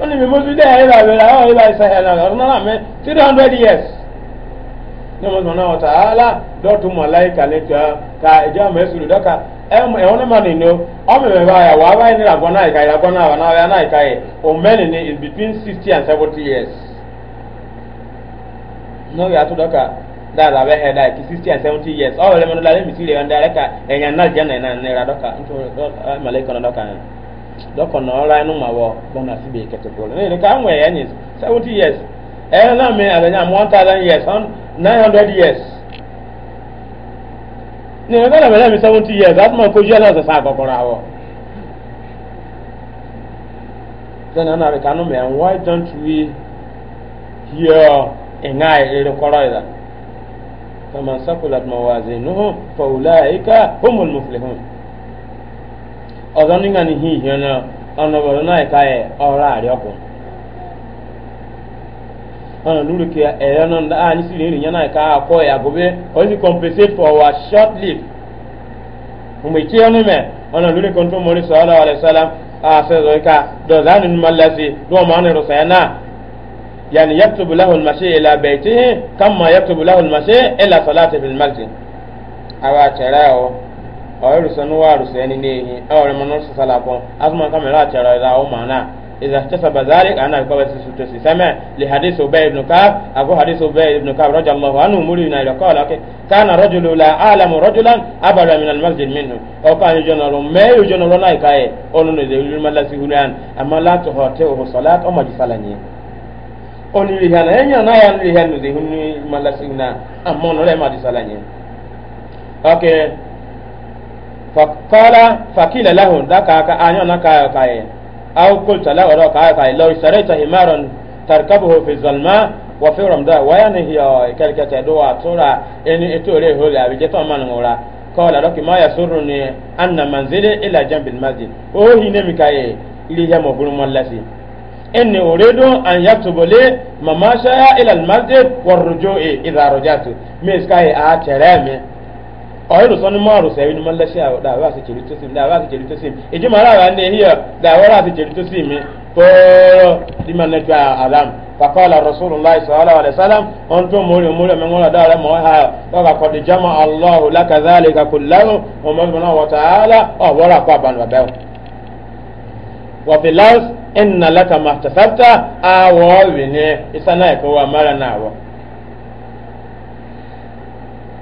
only the most day I ever will I ever say hello or no three 300 years no mo na wata ala do to malaika ne ka ka eja me suru do ka e ni o me ba ya wa ba ni la gona ka ya wa na ya na ka o men ni is between 60 and 70 years no ya to do ka da da 60 and 70 years o le mo da nya na je ya na ne ra dɔkɔ na ɛnu ma wɔ bɔna si bi kɛtɛ kɔlɔ ne yɛrɛ ka anwɛ yɛ nyi seventy years ɛyɛ na mi a bɛ nya one thousand years nine hundred years ne yɛrɛ ka na bɛ mi seventy years a tuma ko jɛlɛ sɛ saa kɔkɔrɔ awɔ sɛnɛ na bɛ kanu mɛ why don't we hear ɛŋa yɛrɛ kɔrɔ yɛrɛ kama sakulat mawazinuhu fa ulaika humul muflihun ọzọ nígbà ní hi ìhìn náà ọ̀nà bọ̀dọ̀ náà ẹ̀ka ẹ̀ ọ̀rọ̀ àrí ọkùn ọ̀nà lórí kí ẹ̀yọ́ náà dáa ní sílẹ̀ ìrìn yẹn náà ẹ̀ka akọ ẹ̀ àgọ́bẹ́ ọ̀yìn ti compensate for our short life ọmọ ìkí ẹnu mẹ ọ̀nà lórí kan tó mọ̀rí sọ̀rọ̀ ọ̀rẹ́ sọ́lá àṣẹzọ̀ ẹ̀ka dọ̀zá nínú ma lẹ́sí dùn ọmọ ọ̀nà ìrọ̀sẹ̀ náà yàní yàtúbù láhùn màṣẹ ìlà bẹ̀ẹ̀tì kàmá yàtúbù láhùn màṣẹ ìlà sọ̀lá àti fìlmàṣẹ àwọn àtẹ̀rẹ́ ọ̀ ọ̀rẹ́rùsọ ní wà rùsọ ẹni ní ehin ọ̀rẹ́ mọ́nà sọ́sọ́lá kan asọ́mọ́ kámẹ́rà àtẹ̀rọ ìlà ọmọ náà إذا احتسب ذلك أنا قبل سوتس سمع لحديث أبي بن كعب أبو حديث أبي بن كعب رضي الله عنه مرينا إلى قال كان رجل لا أعلم رجلا أبر من المسجد منه أو كان يجنر ما يجنر لا يكاي أولو نزل ما لا سيهلان أما لا تهاته صلاة أما جسالني أولو لهنا ينيا نايا لهنا نزل ما لا سيهلان أما نلا ما جسالني أوكي فقال فقيل له ذاك أنا نكا كاي أو قلت له ذاك كاي لو اشتريت حمارا تركبه في الظلماء وفي رمضان وين هي كلكة دوا ترى إن إتوري هو لأبي جتو من غورا قال لك ما يسرني أن منزلي إلى جنب المسجد وهو نمي كاي إلي هم غرم اللسي إني أريد أن يكتب لي مماشي إلى المسجد والرجوع إذا رجعت ميز كاي آترامي ọyọdọ sọni mọọrọ sẹbi ni mọlẹsẹ awọ dàbẹ àti jẹri tó sèmi dàbẹ àti jẹri tó sèmi ìjọba ara wa ni ehiyọ dàbẹ ọrọ àti jẹri tó sèmi fọọrọ dìmọ la àlám kakọọlà rasulillah sọlá wàlẹ sálám wọn tún múlò múlò mi ńlọ dàrẹ mọ ha lọkà kọdí jama allahu lakazali kakulahu ọmọbìnrin wọta ala ọwọrọ àkọ àbànú abẹ wọfìlás ẹnna lẹka màtàsátà àwọ ọwìnì ìsánáyẹkọ wà mẹrẹ na wọ.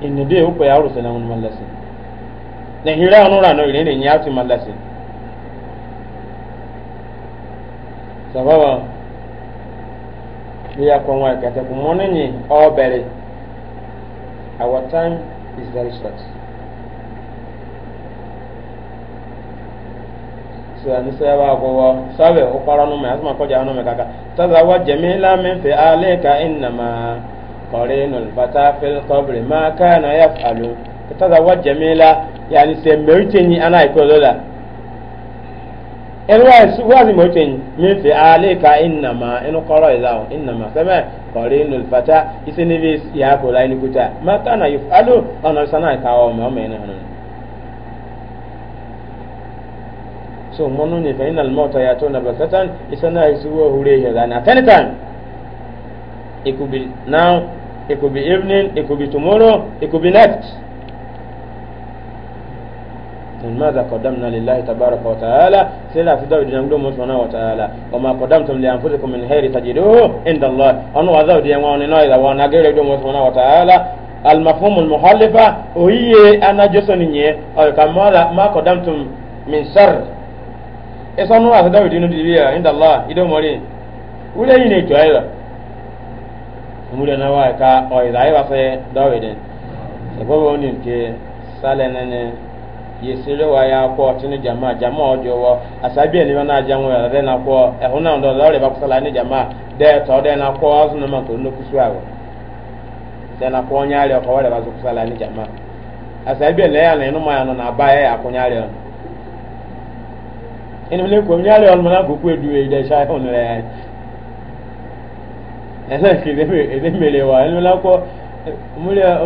ina de upa ya ursa na mun lasi na hira no ra no ire ne ya ti lasi sababa bi ya kwa wa kata ku mona ni o oh, our time is very short sira ni sira b'a ko sabe o kɔrɔ nu mɛ asuma kɔjá nu mɛ kaka tazawa jamiila min fɛ ale inna ma قرين الفتى في القبر ما كان يفعل تزوج جميلة يعني سمعتني أنا يقول لا ẹnu wáàsí mọ̀tẹ́yìn mi fi alẹ́ ka ìnàmà ẹnu kọ́rọ̀ ìdáhùn ìnàmà sẹ́mẹ̀ kọ̀rí nùlùfàtà ìsẹ́nìbí yàgò láì nìkúta mẹ́ta náà yóò alò ọ̀nà sànà ìkàwọ̀ so mọ́nú nìfẹ́ iná lọ́mọ́ tọ́yà tó nàbà sẹ́tàn ìsẹ́nà ìṣúwọ́ òhúrẹ́ yẹ̀dá ní àtẹ́nìtàn. it could be it could be evening, it could be tomorrow, it could be next. من ماذا قدمنا لله تبارك وتعالى سيلا في دو دينا مدوم سبحانه وتعالى وما قدمتم لأنفسكم من خير تجدوه عند الله أن وذو دينا وانا إذا وانا غير دوم سبحانه وتعالى المفهوم المخالفة وهي أنا جسني أو كما ما قدمتم من شر إذا نوا في دو دينا عند الله إذا مولين ولا ينتهي umure na wa ka o idai wa se dawide sababu ni ke sale nene yesere wa ya ko tinu jama jama ojo wo asabi ni na aja nwo re na ko e na ndo lore ba kusala ni jama de to de na ko azu na ma ko no kusu na ko nya ko ba zu kusala ni ya na no ma ya no na ba ya ko nya re inu le ko nya re na ko ku edu e ẹlẹ́kì ẹ̀dẹ́mẹ̀lẹ̀ wà ẹnu lakọ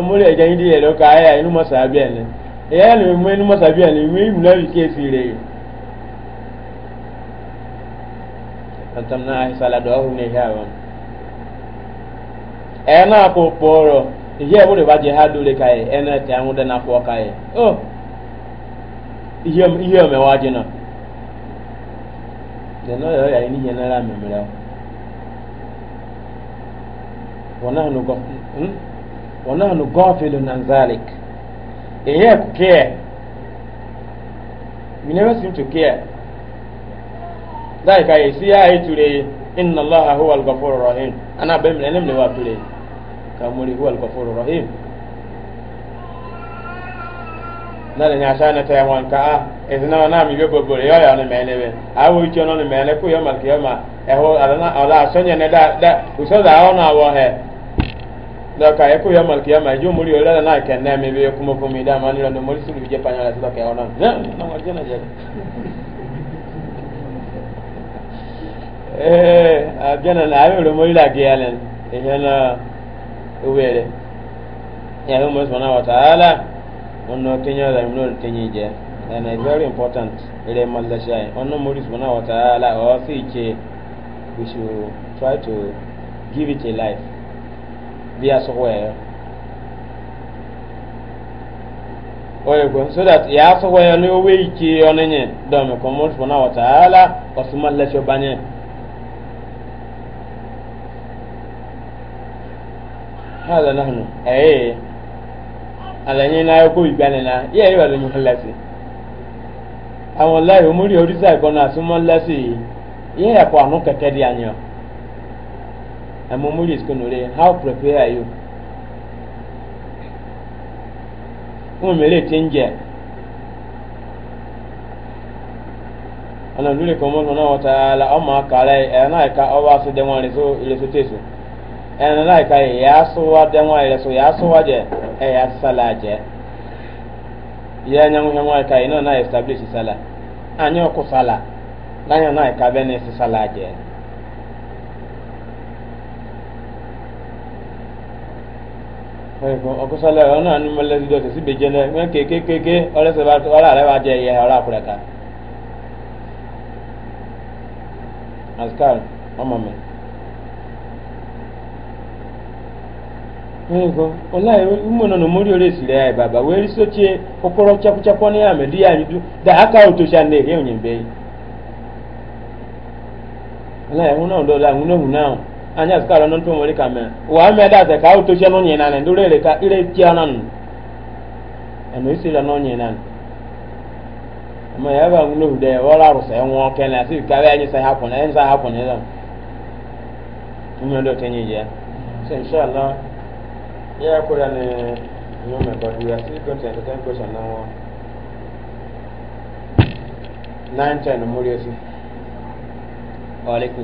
múlẹ̀ ẹ̀jẹ̀ yín díẹ̀ lọ́kà ayé inú mọ̀sá bí ẹ̀lẹ́ ẹ̀yà lè mú inú mọ̀sá bí ẹ̀lẹ́ ìwé ìmúlẹ̀ rí kéèsì rẹ̀ ọ̀tọ̀mọ̀ àìsàlàdọ̀ ọ̀hún ní ìhà wọn. ẹ̀ náà kò pọ̀ọ̀rọ̀ ìyẹ́ ìwúrẹ̀ bá jẹ́ hádùn lè ka yẹ ẹ̀ náà tẹ̀ àwọn dẹ́nà kọ́ ka yẹ ọ́ ìyẹ́ ọ̀mẹ̀wájú náà. ìyẹn náà yọ̀ ọ́ yà ونحن ونحن غافل عن ذلك إياك care we never to ذلك يسيا يتولي إن الله هو الغفور الرحيم أنا بمن أنا من وابتولي كمولي هو الغفور الرحيم nana nya na ta yawan ka ezina na ya ne mele be awu ichi no ne mele ku yo mal ki yo ma eho ala na da da da ka yako ya malki ya mai jomuri yola na ken na me be kuma fumi da mani la no mori bi je panya la sida ka ona na na wa jana jana eh a jana na ayo lo mori la ke yalen e yana uwere ya lo subhanahu wa ta'ala onno kenya la mno tenye je and it's very important ile malla shai onno mori subhanahu wa ta'ala o si che we should try to give it a life via software oye ko so that ya software ni o wei ki onenye do me ko mo subhanahu wa ta'ala o suma le so banye hada nahnu eh alanye na ko igbane na ye ye wa lo nyu lesi àwọn láì omori orisa ikona sumo lesi ye ya ko anu keke di anyo and Mumuli is Konore, how prepared are you? Umele Tinja. Ana nule ko mo na wata ala o ma ka lai e na ka o wa so de so ile so na lai ka ya so wa de won ile so ya so wa e ya sala ka ina na establish sala. Anya ko sala. Na nya na ka be sala je. ọkọsọlẹ ọ náà ní mọlẹsí dọtí síbi jẹnẹ wọn kékékéké ọlẹsẹ bá ọlá rẹ jẹ ìyá ọlá àpẹrẹ ká azkar ọmọ mi. ego olayi umono no mori baba wee ri soche okoro chapu di du da aka ne la anya skara non tumori kame wa me da se ka uto cheno nyina ne ndure le ka ile tiana nu eno isi la non nyina ne ma ya ba ngulu de wala ru se won ke na si ka ya ni se hapo na enza hapo ne da mu ndo tenye je so inshallah ya ko ya ne yo me ba we are still going to entertain question now 9 10 muri asi wa alaikum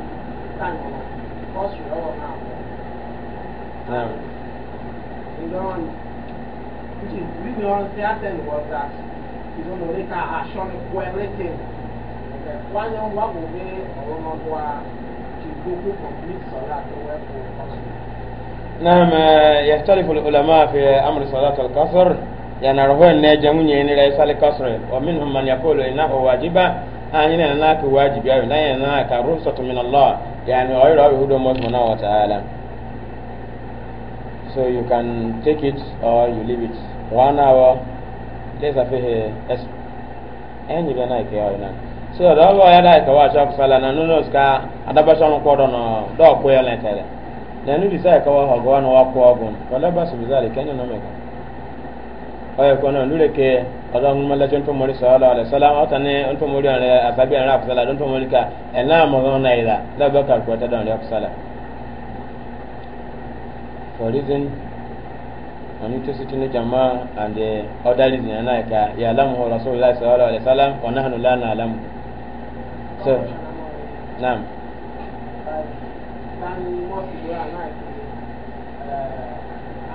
kind of eh, like cost you all amount. Um, you don't, which is really on certain was that you don't know they can action quality. Wọ́n yẹn wá wò pé ọ̀rọ̀ máa bọ̀ á ti gbogbo complete sọ̀rọ̀ àti wẹ́ fún ọ̀sán. نعم يختلف العلماء في أمر صلاة القصر yanarhoen ne jamu nyeni la isali kasre wa minhum man yaqulu innahu wajiba anyina na ka wajibi ayo na yana yani oil of Hudomos Manawa Ta'ala. So you can take it or you leave it. One hour, there's a fee, and you can like it. So the other way I can watch up Salah and Nuno's car, and the Bashan Quarter no dog quail and tell it. Then you decide to go and walk off on whatever bizarre can you know make. Oh, you can only care ọlọ́run mọ́lẹ́ tó ń tó mọ́rí sọ́ọ́ lọ́ọ́lẹ́ sọ́lá wọn tán ní ń tó mọ́rí ọ̀rẹ́ àbábí ọ̀rẹ́ àfọ̀sálà ló ń tó mọ́rí ká ẹ̀ náà mọ̀ ọ́n náà ìlà lọ́gbẹ́ kàrùkù ọ̀tẹ́ dọ̀rẹ́ for reason wọ́n tó sì tún jama and other reason ẹ̀ náà ká yà lámù ọ̀rọ̀ sọ́ọ́lá sọ́ọ́ lọ́ọ́lẹ́ sọ́lá wọn náà nù lánà àlámù. so naam.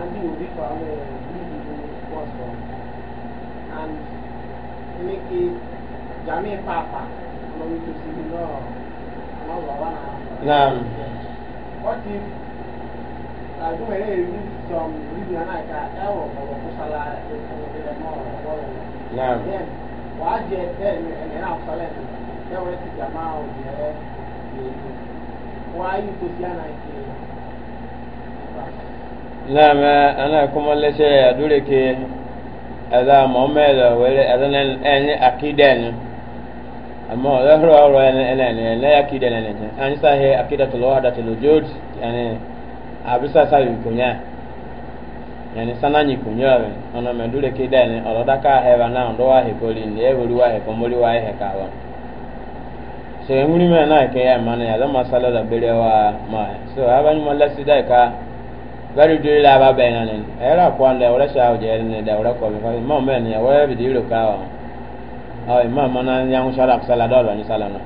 Andy will be and make jami papa no need to see no no wawana. naam. what if ini rí some reason náà ká ẹ wọ ọ̀rọ̀ kúsàlà ẹ̀kọ́ mọ́ ọ̀rọ̀ wọ́ọ̀rọ̀. naam. then wàá jẹ bẹ́ẹ̀ ni ẹ̀mí náà kọ́lẹ̀ ní ẹ wọ́n ti jàmá òbí ẹ̀ ẹ̀ wàá naam ana kọ́mọ lẹ́sẹ̀ àdúrà ke. ɛdá mohammed wele ɛdá ɛni akida enyi. ama ɔyɔhoro ɔrɔ ɛni ɛni ɛni akida ɛni ɛni ɛni sahe akida tolo adata lojod ɛni abisa sahi nkonya ɛni sanani nkonya ɔbɛ ɔnà mɛdúlẹ kida ɛni ɔlọdaka ahẹwà náà ɔdọ wa hekoli wa e wa wa wa ma so abanyuma gari duli la ba bɛn ne ɛra kɔn dɛ wɛrɛ sɛ o jɛri ne dɛ wɛrɛ kɔ bɛ ma mɛ ne wɛrɛ bi diiro ka wa ɔ ma ma na nyangu sɔrɔ a sala dɔ dɔni sala na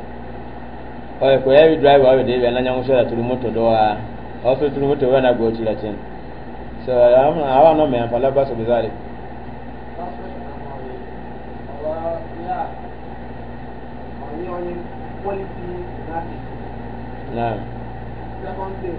ɔ ko ɛbi drive ɔ bi di bɛ na nyangu sɔrɔ turu moto dɔ wa ɔ so turu moto wɛrɛ na go ti la tiɲɛ so a awa nɔ mɛ fala ba so bi zari. Naam. Second thing.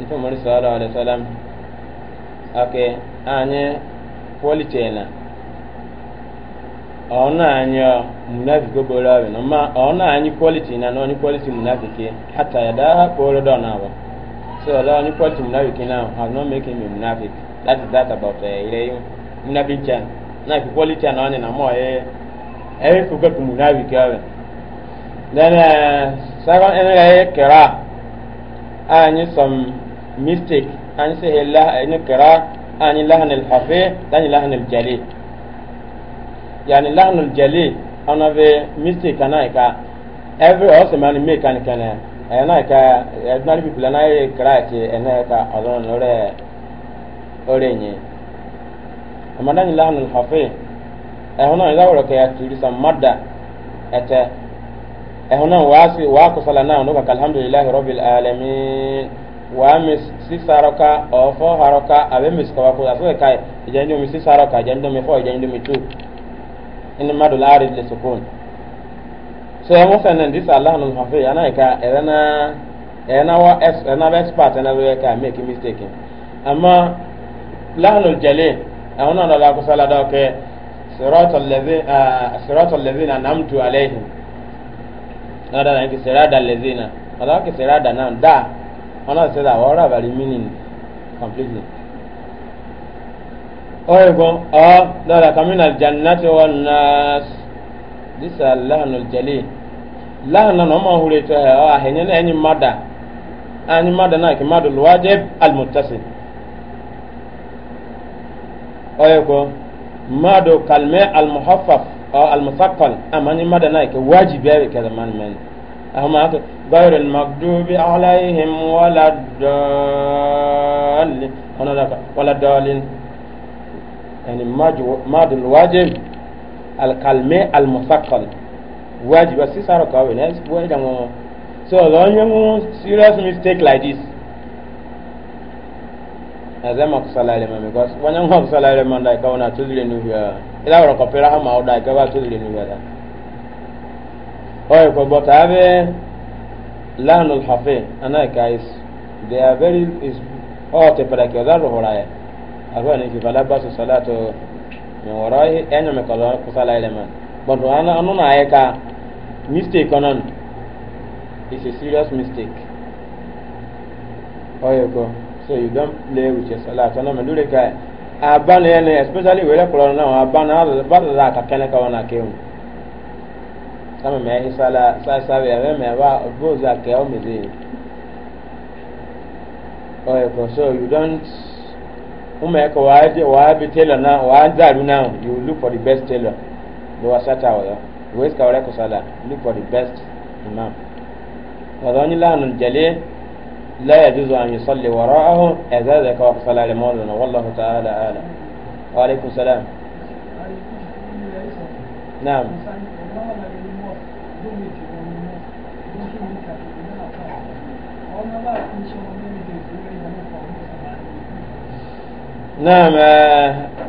itu muri sallallahu alaihi wasallam ake anye polichena ona anyo munafiki bora we ma ona anyi quality na no ni quality munafiki hata yadaha polo donawa so la ni quality munafiki now have not making me munafik that is that about uh, ile yo munafiki chan na ki quality na onye na mo eh eh fuga ku munafiki awe then uh, second ene eh, kera anyi som mystic anyi sehe lah anyi kira anyi lahan al hafi anyi lahan al jali yani lahan al jali ana ve mystic ana e ka every also man me kan kan ana e ka ordinary people ana e kira ti ana ka alon ore ore nyi amanda ni lahan al hafi ehona ila wala ka ya turi sam madda ete ehona waasi waakusala naa noka kalhamdulilahi rabbil alamin waami si saroka oo fo haroka abe miskawaku asoke kai ijanjumi si saroka ijanjumi fo ijanjumi tu ini madul arid li sukun so emo senen dis allah nul hafi ana ka erena erena wa erena wa expert ena lo ka make mistake amma lahnul jalil ehona no la kusala doke صراط الذين صراط na namtu عليهم na da na ke sira da lezina ala ke sira da na da ona se da wara bari meaning completely oye ko a da da jannati wan nas this is lahnul jalil lahna no ma hure to a henye na enyi mada anyi mada na ke madul wajib al muttasil oye ko mado kalme al muhaffaf المثقل أما مدنا كواجب يبي كذا من من أما غير المغضوب عليهم ولا الضال أنا لك ولا الضالين يعني ماد الواجب الكلمة المثقل واجب سيسارك أو ناس بوي دمو so don't you serious mistake like this azama kusalale mami kwa wanya ngwa kusalale manda ikawa na tuzile nuvya ila wala kwa pera hama oda ikawa tuzile nuvya da oye kwa bota ave lahnul hafe ana ka is they are very is o te para ke oda rohora ya akwa ni kifala basu salatu min warahi enya me kala kusalale man but ana anu na ayeka mistake onan is a serious mistake oye kwa so you don't play with your salah so na me dure kai abana yene especially wele kula na abana bala la ka kana ka wana ke kama me isala sa sa be me ba boza ke o me de oh so you don't ume ko waje wa bi tailor na wa zaru na you look for the best tailor do wasata wa wes ka wale ko sala look for the best imam wadani la nun jale لا يجوز أن يصلي وراءهم إذا ذاك وقف صلاة لمولنا والله تعالى أعلم وعليكم السلام نعم naam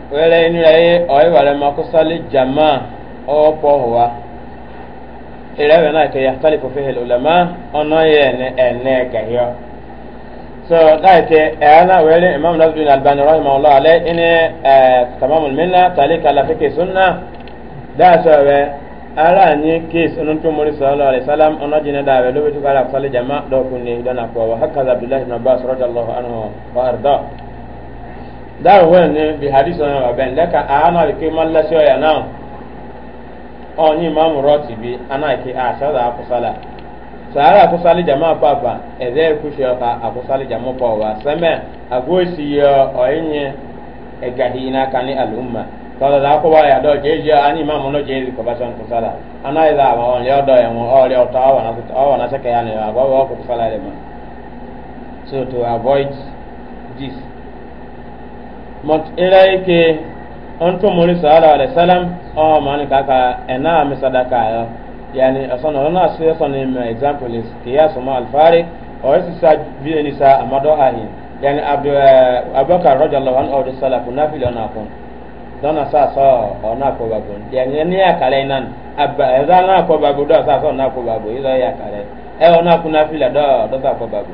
wɛrɛ yi nira ye ɔye wale ma ko sali jama ɔwɔ pɔhu wa ere bɛ na ke yahtalifu fihi ulama ɔnɔ ye ne ɛnɛ gahiyɔ so daite eh, ana wele imam nasruddin albani rahimahullah alay ine eh, tamamul minna talika la fiki sunna da so we eh, ala ni kis onun to muri sallallahu alaihi wasallam ono jine da we lobe tukala sale jama do kunni dana ko wa hakka abdullah ibn abbas radiyallahu anhu wa arda da wene bi hadith ona ben da ka ana ke malla so ya na oni imam rotibi ana ke asha da kusala sahara akusali jama papa eze kushi ka akusali jama pawa seme agosi yo oyenye egahi ina kani alumma tọ́lá lákó wá yàdọ̀ jéjì ani imaamu ló jéjì kò bá sọ̀n kùsàlà aná ìlà àwọn ọ̀lẹ́ ọ̀dọ̀ ẹ̀ wọn ọ̀lẹ́ ọ̀tọ̀ ọ̀wọ̀ náà ọrịa yánni so to avoid this. ike yani asan ona se asan ma example is qiyas ma al farik o is sa bi ni sa amado ahin yani abdu uh, abaka radhiyallahu anhu awdi salafu nafil ona kon dona sa sa ona ko bagun yani ni ya kale nan abba eza eh, na ko bagu do sa sa ona ko bagu izo ya kale e eh, ona ko nafil do do sa ko bagu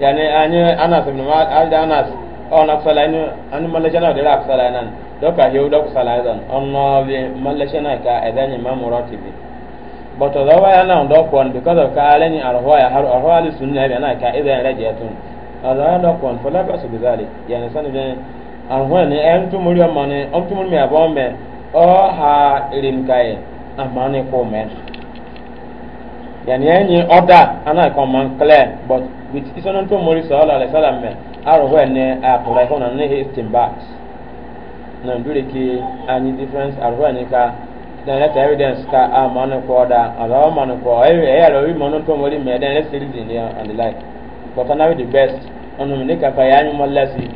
yani ani anas ibn malik al anas ona sala ni ani malajana de la sala nan do ka hewu eh, do sala dan onno bi malajana ka edan imam ratibi but ọzọ waya na ndọ kwon because of ka aleni arhuwa ya har arhuwa li sunna ya na ka idan rajatun ọzọ ya ndọ kwon fola ka su bizali ya ne sanu ne arhuwa ne en tu muri amma ne on tu muri me abon me o ha irin kai amma ne ko me ya ne enyi order ana ko man clear but with isonon tu muri sallallahu alaihi wasallam me arhuwa ne a kula ko na ne istinbat na ndure ki any difference arhuwa ne ka then let evidence ka a ah, manu ko da ala manu ko e eh, e eh, eh, ala wi manu to mori me then let series in here and the like but now the best onu ni ka ya nyumo lesi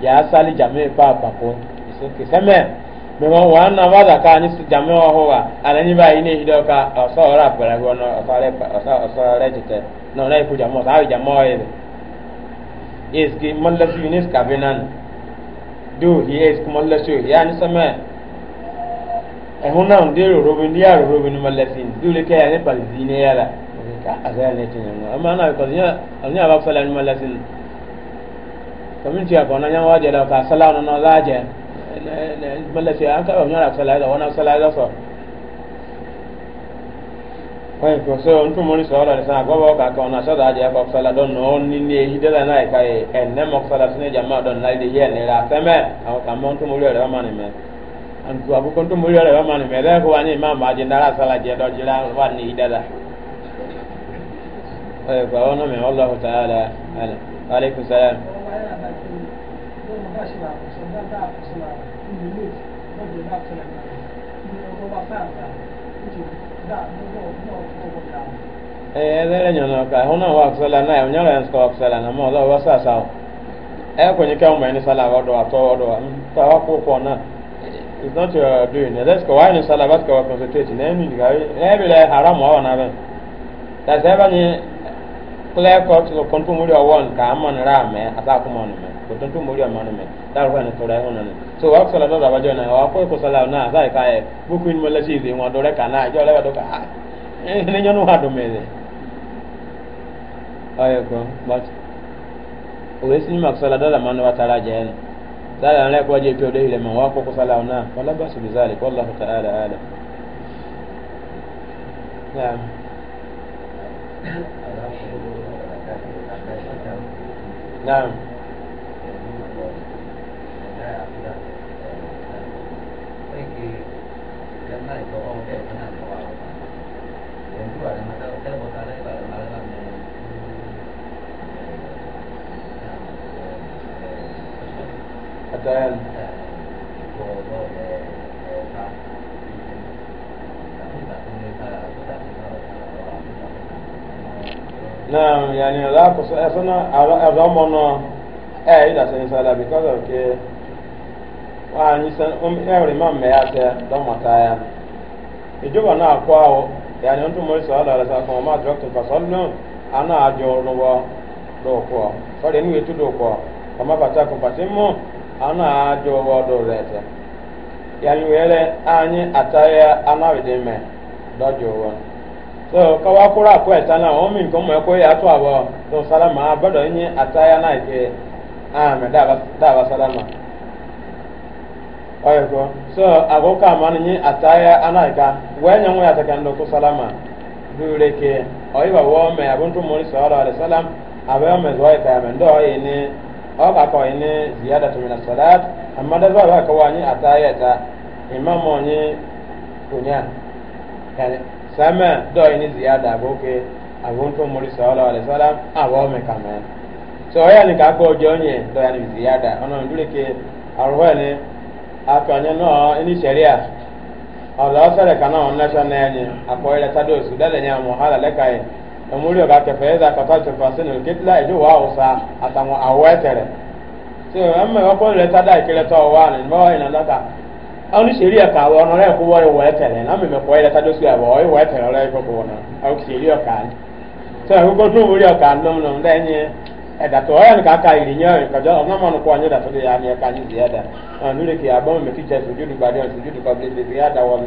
ya sali jame pa papo ko so ke seme me wa wa na wa da ka ni jame wa ho wa ala ni ba ni hido ka o ah, so ra pa go na ku jamo sa jamo e ni ska do he is ya ni ehuna nde rorobin ya rorobin malasin dole kai ya ne palzine ya la ka azaya ne tin nan amma ana ko nya anya ba falan malasin kamin ciya ko na nya waje da ka salana na laje malasi an ka nya ra salala da wana salala so kai ko so on to moni sala da sa gobo ka ka ona sada je ko sala don no ni e e, e, ne hidala na kai enne mo sala sine jama'a don na de ye ne ra feme awon ka mon to mo le ra mani me antu abukontu muri ole bamani mere ko wani mama ajendala sala jeda jela wani idada eh ba wono me Allah taala ala alaikum salam ee ebere nyono ka hụ na wa kusala na ya nyoro ya nsọ kusala na mo lo wa sa sa e ko ni ka mo ni sala wa do ato do ta wa ko ko na it's not your doing go why in salabat ka concentrate na ni ga e be la haram wa na ben that's ever ni clear court or kontu muri wa won ka amon me ata ko mon me ko kontu muri wa mon me dar wa na so wa sala da ba jona wa ko ko sala na sai i e bu kuin mo la ji de wa do ka na ha but o sala anala kwaje pia dai ile mawako kwa sala ona wala basi bizali kwa Allah ta'ala ala naam naam Thank you. Adele. Naam, yani la ko sana ara ara mono ida because of ke wa ni um every man me don na akwa o yani onto mo so ala sa ko ma doctor so no ana ah, ajo no wa do ko. So de ni ana ajo wodo rete ya wele anyị ataya anawide me dojo so kawa kura ko etana o min ko ya to abụọ tụ salama abado nyi ataya na ke ah me salama so ago ka man ataya anaika wenya ya ndụ salama dure ke me abụ me ọka kọ ini ziyada tu mina salat amma da ba ba kawa ni ataya ta imam ni kunya yani sama do ini ziyada boke abun to muri sallallahu alaihi wasallam awo me kamen so ya ni ka ko jonye do ya ni ziyada ono ndule ke arwa ni akanya no ini sharia Allah sare kana onna shanne ni akoyle tadosu dale ni amuhala lekai omuli oga kefe eza kata chefa sinu kitla eju wa usa atamu awetere so emme wako leta da ikileta owani mbawa inandaka awon seri ọka awọ ọ̀nà rẹ̀ kó wọ́ọ̀rẹ̀ wọ́ ẹ̀tẹ̀lẹ̀ náà mímẹ̀ kọ́ ẹ̀lẹ́ta lóṣù ẹ̀wọ̀ ọ̀yẹ̀ wọ́ ẹ̀tẹ̀lẹ̀ ọ̀rẹ́ ìfọ̀kọ̀ wọ̀nà àwọn seri ọka ni so ẹ̀kọ́ tó wúri ọka lọ́mọdé ọ̀nà ẹ̀yìn ẹ̀dàtọ̀ ọ̀yẹ̀ nìkan ká ìrìnyẹ́ ìkọjọ́ ọ̀nà mọ̀nù kọ́ ọ̀nyẹ́ dàtọ̀ yà ni ẹ̀ka ní ìdí ẹ̀dà ọ̀nà lórí kì í abọ́mọ̀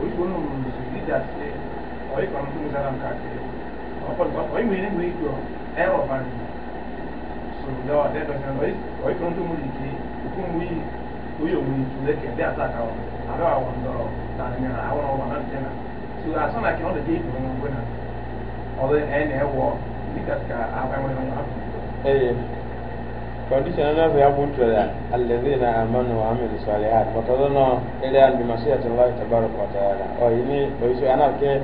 oyigbɔnu mùsùlùmí dàsí ọyí kan tó ń sára ń kàkiri ọ̀pọ̀lọpọ̀ ọyí mi ní mi jọ ẹrọ bani sọlọ ọdẹdọsẹ ọyí kan tó mú yìí ké òkú mú yìí oyè òmù yìí tulẹ kẹdẹ àtàkà wọn àbẹ àwọn dọrọ tààmì àwọn ọmọ náà tẹ náà so asọ́nà kí wọ́n lè dé ìdùnnú wọn gbé náà ọ̀rẹ́ ẹ̀ ẹ̀ wọ ní kàkà àbẹ̀wẹ̀ náà wọn á fi condition ana fi hapo tu ya alladhina amanu wa amilu salihat watazono ile an bi masiyati Allah tabaraka wa taala o ini oisho ana ke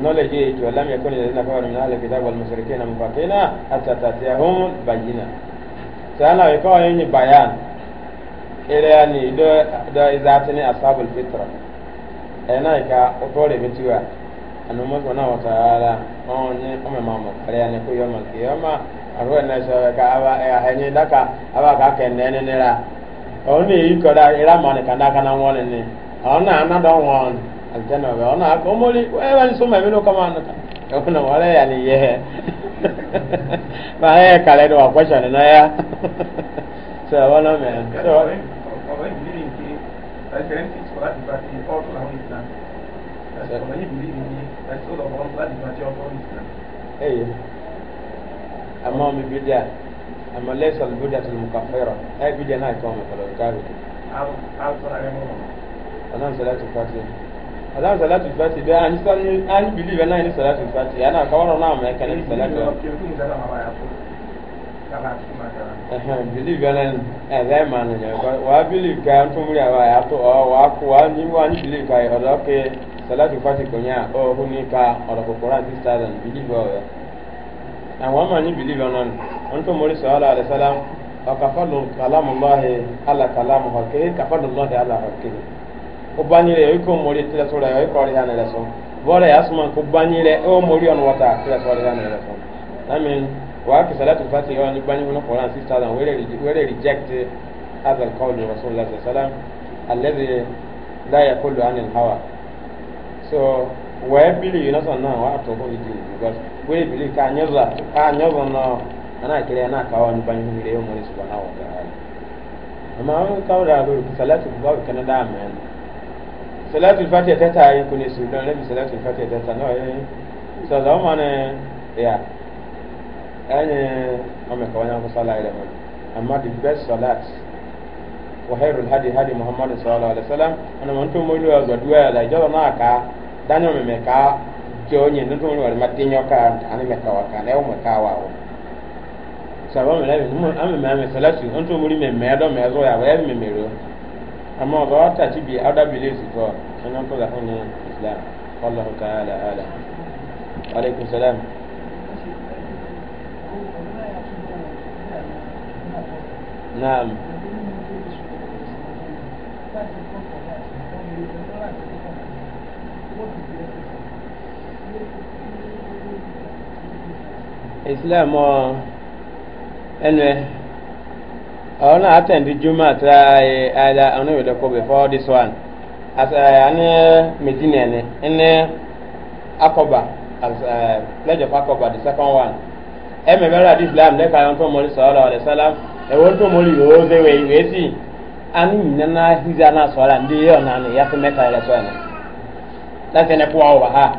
knowledge hii tu alam yakun alladhina kafaru min ahli kitab wal mushrikeen munfaqina hatta tatiyahum bayina sana ikawa yenye bayan ile yani do do izatini ashabul fitra ena ka otole bitiwa anu mwana wa taala onye omemama kale yani kuyo malkiyama agụụ na-esoro ka ahenye daka aba ka kende ne nira ona eyi kọda ira mani ka na nwọni ni ona anada nwọn aljana be ona ko moli ewa ni no kama na ka ona ya ni ye ba he kale do akwacha ni na ya so amma mi bidia amma laysa al bidia al mukaffira ay bidia na ko ma kala ka bi anan salatu fati anan salatu fati be an san an believe na ni salatu fati ana ka wona na ma kana salatu Aha, believe yana eh that man ya wa believe ka an tumuri awa ya to o wa ku wa ni wa ni believe ka o da ke salatu fati ko nya o huni ka o da ko Quran 6000 believe o na wa ma ni believe anan on to mori sallallahu alaihi wasallam o ka fadlu kalamullah ala kalamu hakke ka fadlullah ala hakke o banyire o ko mori tira sura o ko ri hanere so bora ya suma ko banyire o mori on wata tira sura hanere so amen wa ki salatu fati yo ni banyi no quran 6000 were were reject hadha alqawl rasulullah sallallahu alaihi wasallam alladhi la yaqulu anil hawa so wee bili yi nasa na wa atọ bọyi di because wee bili ka nyeza ka nyeza na ana kire na kawo ni ban hiri yo mori subhana wa ta'ala amma an kawo da do salatu ba ka na da men salatu fatiha ta ta yi kuni su don rabi salatu fatiha ta ta no eh so da ma ne ya ane ame kawo na ko sala ile amma the best salat wa khairul hadi hadi muhammad sallallahu alaihi wasallam ana mun to mo lo ga duwa la jaba na ka daniel meme ka ke onye ndu ndu wal matinyo ka ani me ka waka ne mo ka wa o sabo me lebi mo ame me me me do me zo ya we me me ro amma ba ta ci bi ada bilisi to sanan islam wallahu ta'ala ala alaikum salam islam ọ ẹnu ọ na attend juma ta ada ọnu yóò dọkọ before this one as ẹni medina ni ẹni akọba as uh, pledge of akọba the second one ẹmẹ bẹrẹ adi islam lẹka ẹwọn tó mọlẹ sọlá ọlẹ sálá ẹwọn tó mọlẹ yóò ṣe wẹ ìwé sí ani yìnyín náà hizi aná sọlá ndí yẹ ọ̀nà ni yàtọ̀ la sene puwa wa ha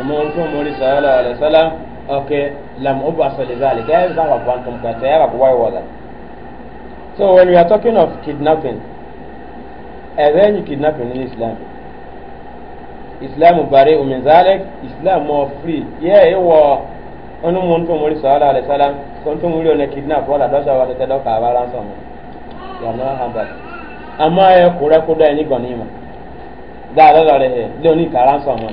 amon to mo sallallahu alaihi wasallam okay lam ubasa li zalika ya za wa bantum ka ta ya wa so when we are talking of kidnapping and then kidnapping in islam islam bari min zalik islam mo free yeah it was onu mu to mo sallallahu alaihi wasallam kon to mo kidnap wala do sa wa te do ka ba ransom ya no ha ba amma ya kura kuda ni ma. dáadọ́ lọ́rẹ́ hẹ lóní kàrá ń sọ̀mọ́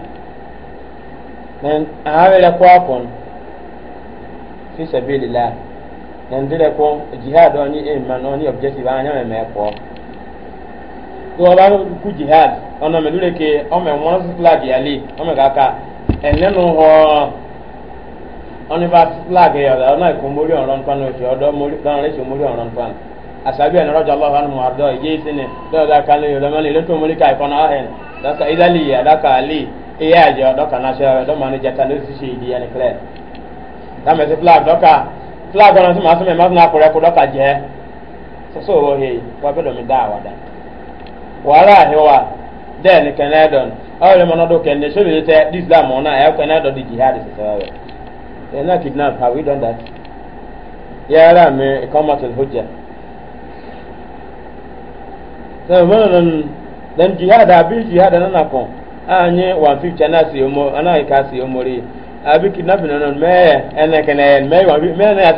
nàn àárẹ̀ kọ́ ọ̀pọ̀n fi ndị la jihad ọ̀ní eh, ní objective àwọn ẹ̀yàn mẹ́mẹ́ kọ́ tó ọba kú jihad ọ̀nà mẹ́lúrẹ́ ke ọmọ ẹ̀wọ̀n flag flag yàlẹ́ ọ̀nà ìkọ̀mọ́rí ọ̀rọ̀ nǹkan oṣù ọ̀dọ́ mọ́rí ọ̀rọ̀ nǹkan asabi dɔka idali ya dɔka ali iye ajɔ dɔka nasɔrɔ dɔ manu jata ne sisi idi yanni clear dame si flag dɔka flag kɔnɔ si maa sɔmi maa sɔmi akurɛ ko dɔka jɛ soso wo he wa bɛ dɔmi da awa da wàhálà àhẹwà dẹ́ẹ̀ ni kẹ́nẹ́ dọ̀n awo lè mọ́nà dọ̀ kẹ́nẹ́ sọ́mi yìí tẹ́ islam ọ̀nà ẹ̀ kẹ́nẹ́ dọ̀ di jihad sẹ́sẹ́ wẹ̀ ẹ̀ náà kidnap have we done that yàrá mi ìkọ́mọ̀tò hujja. sọ̀rọ̀ mọ́nà then jihad abi jihad nana ko anye 150 na si omo ana ka si omori abi na me ene kene me wa me na ya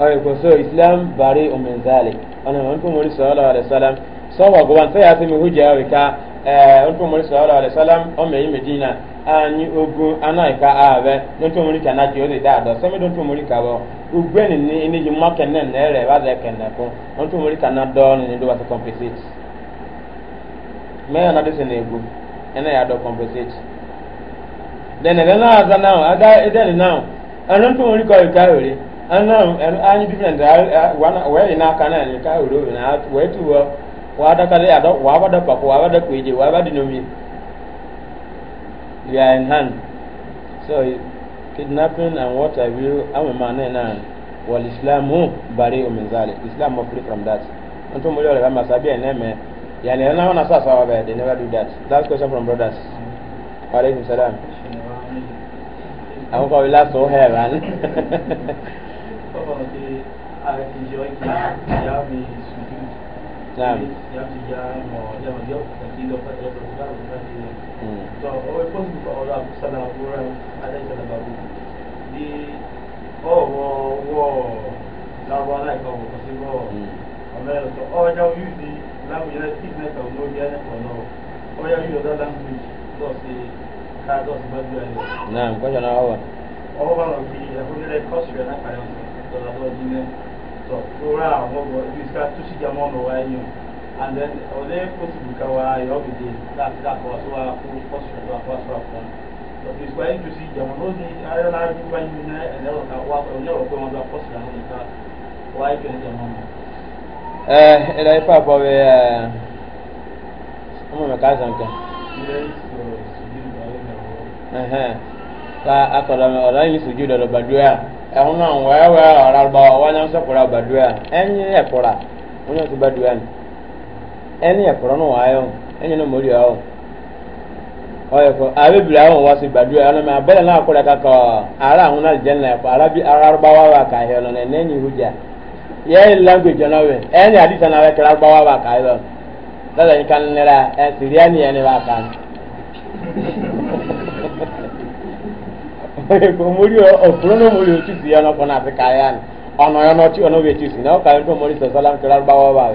ay ko so islam bari o min zalik ana on ko mori sallallahu alaihi wasallam so wa go wan ya se mi hujja wa ka eh on ko mori sallallahu alaihi wasallam o me medina anyi ogun anai ka abe don to muri kana ti ode da do se me don ka bo ugbe ni ni ni ji mo kenne ne re ba de kenne ko don to muri kana do ni do ba se compensate me na de se ne egu ene ya do compensate then ele na aza now aga eden now anon to muri ko ka ore anon anyi different wana we na aka na ni ka ore na we tu wa wa da ka de ado wa ba da pa ko wa ba da ku je wa ba di no they are in hand so kidnapping and what I you awe mane nan wal islamu bari min zalik islam are free from that antum mo yore kama sabia neme yani na wana they never do that that question from brothers wa alaikum salam àwọn kan wíwá sọ hẹ rán. Naam. So, hmm. all possible for Allah to send out Quran, Allah to send out The, oh, wow, wow, that one I come, because it's wow. Hmm. Amen. So, all oh, y'all use the language, and I think that I'll know the other one, no. All y'all use other language, just the, can't just bad I'm going to know. I'm going to cost you, I know. So, oh, to see and then ọ was ka wa ya bụ dị na-asịrị aka ọsụwa akwụ ọsụrụ akwụ ọsụrụ akwụ ọsụrụ ìsìkwa ịjụsị ìjàmụ n'ozi arịọ na arịkụba ihe na ẹ̀rọ ka wa onye ọrụ kwe ọdụ akwụsị ahụ nka wa ịjụ ẹjẹ mọ mọ. ee ịda ife abụọ bụ ụmụ maka azụ nka ka akọrọ m ọ̀rọ̀ yìí sojú dọ̀dọ̀ bàdúrà yà ẹ̀hún náà wẹ́wẹ́ ọ̀rọ̀ àgbà wọ́n yẹn ni. ẹni ẹ̀kọ́rọ́ náà wáyọ̀ ẹni náà mọ̀rí ọ̀ ọyọ kọ abébìrì àwọn wa sì gbàdúrà ẹ ọlọmọ abẹ́lẹ̀ náà kọ́ ẹ̀ka kọ ara àwọn náà jẹ́ nà ẹ̀kọ́ arábí arábáwá wa kà yẹ lọ ẹni ìhùjà language ọ̀nà wẹ̀ ẹni àdìsàn náà kẹ́rẹ́ arábáwá wa kà yẹ lọ yìí kan nira ẹ̀ sìrí ẹni ẹni wa kà ọyọ kọ ọkùnrin náà sí náà yẹ ọ̀nà ọ̀nà ọ̀nà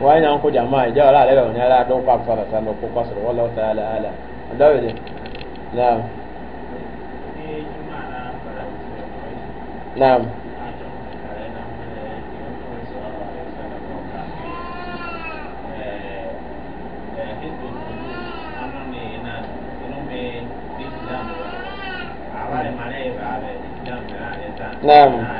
wani an ko jama'a ja wala ala wani ala don fa fa sa no ko kasr wala ta'ala ala andawe ne na'am na'am Naam.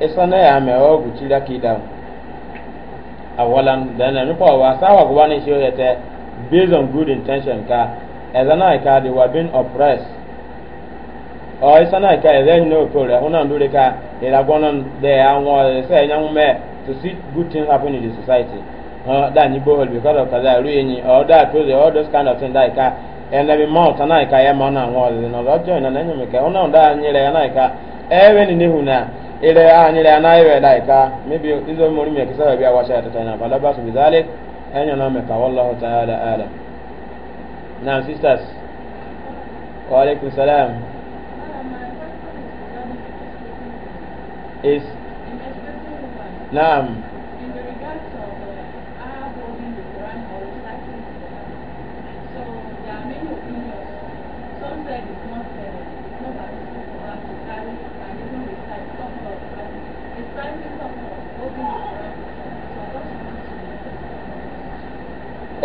isana ya me o guchira kida awalan dana ni pa wa sawa go wani show yete based on good intention ka ezana ka di wa being oppressed o isana ka ezen no ko re una ndure ka ila gonon de anwo se nyanwu me to see good things happen in the society uh, that ni bohol because of kaza ru yin or that to the all those kind of thing that ka ene bi mount na ka ya ma na anwo de no lo join na nyanwu me ka una nda nyere na ka ewe ni nehu na ile ani le anayi we dai ka mibi izo muri mi kisa bi awa sha ta na fala basu bi zalik enyo na me ka wallahu ta'ala ala na sisters wa alaikum salam is Naam.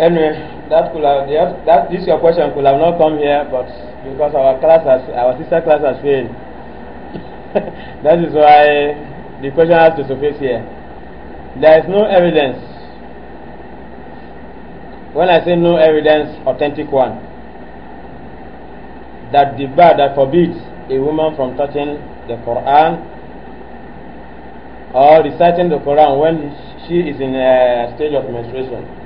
Anyway, that could have, that, that, this your question could have not come here, but because our class has, our sister class has failed. that is why the question has to surface here. There is no evidence. When I say no evidence, authentic one, that the bar that forbids a woman from touching the Quran or reciting the Quran when she is in a stage of menstruation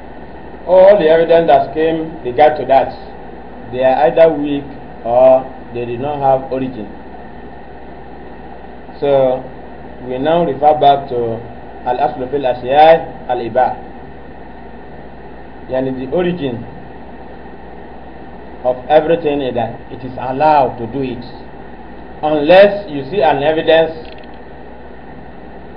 all the evidence that came regard to that, they are either weak or they did not have origin. So we now refer back to al aslu fil asiyai al iba yani the origin of everything is that it is allowed to do it unless you see an evidence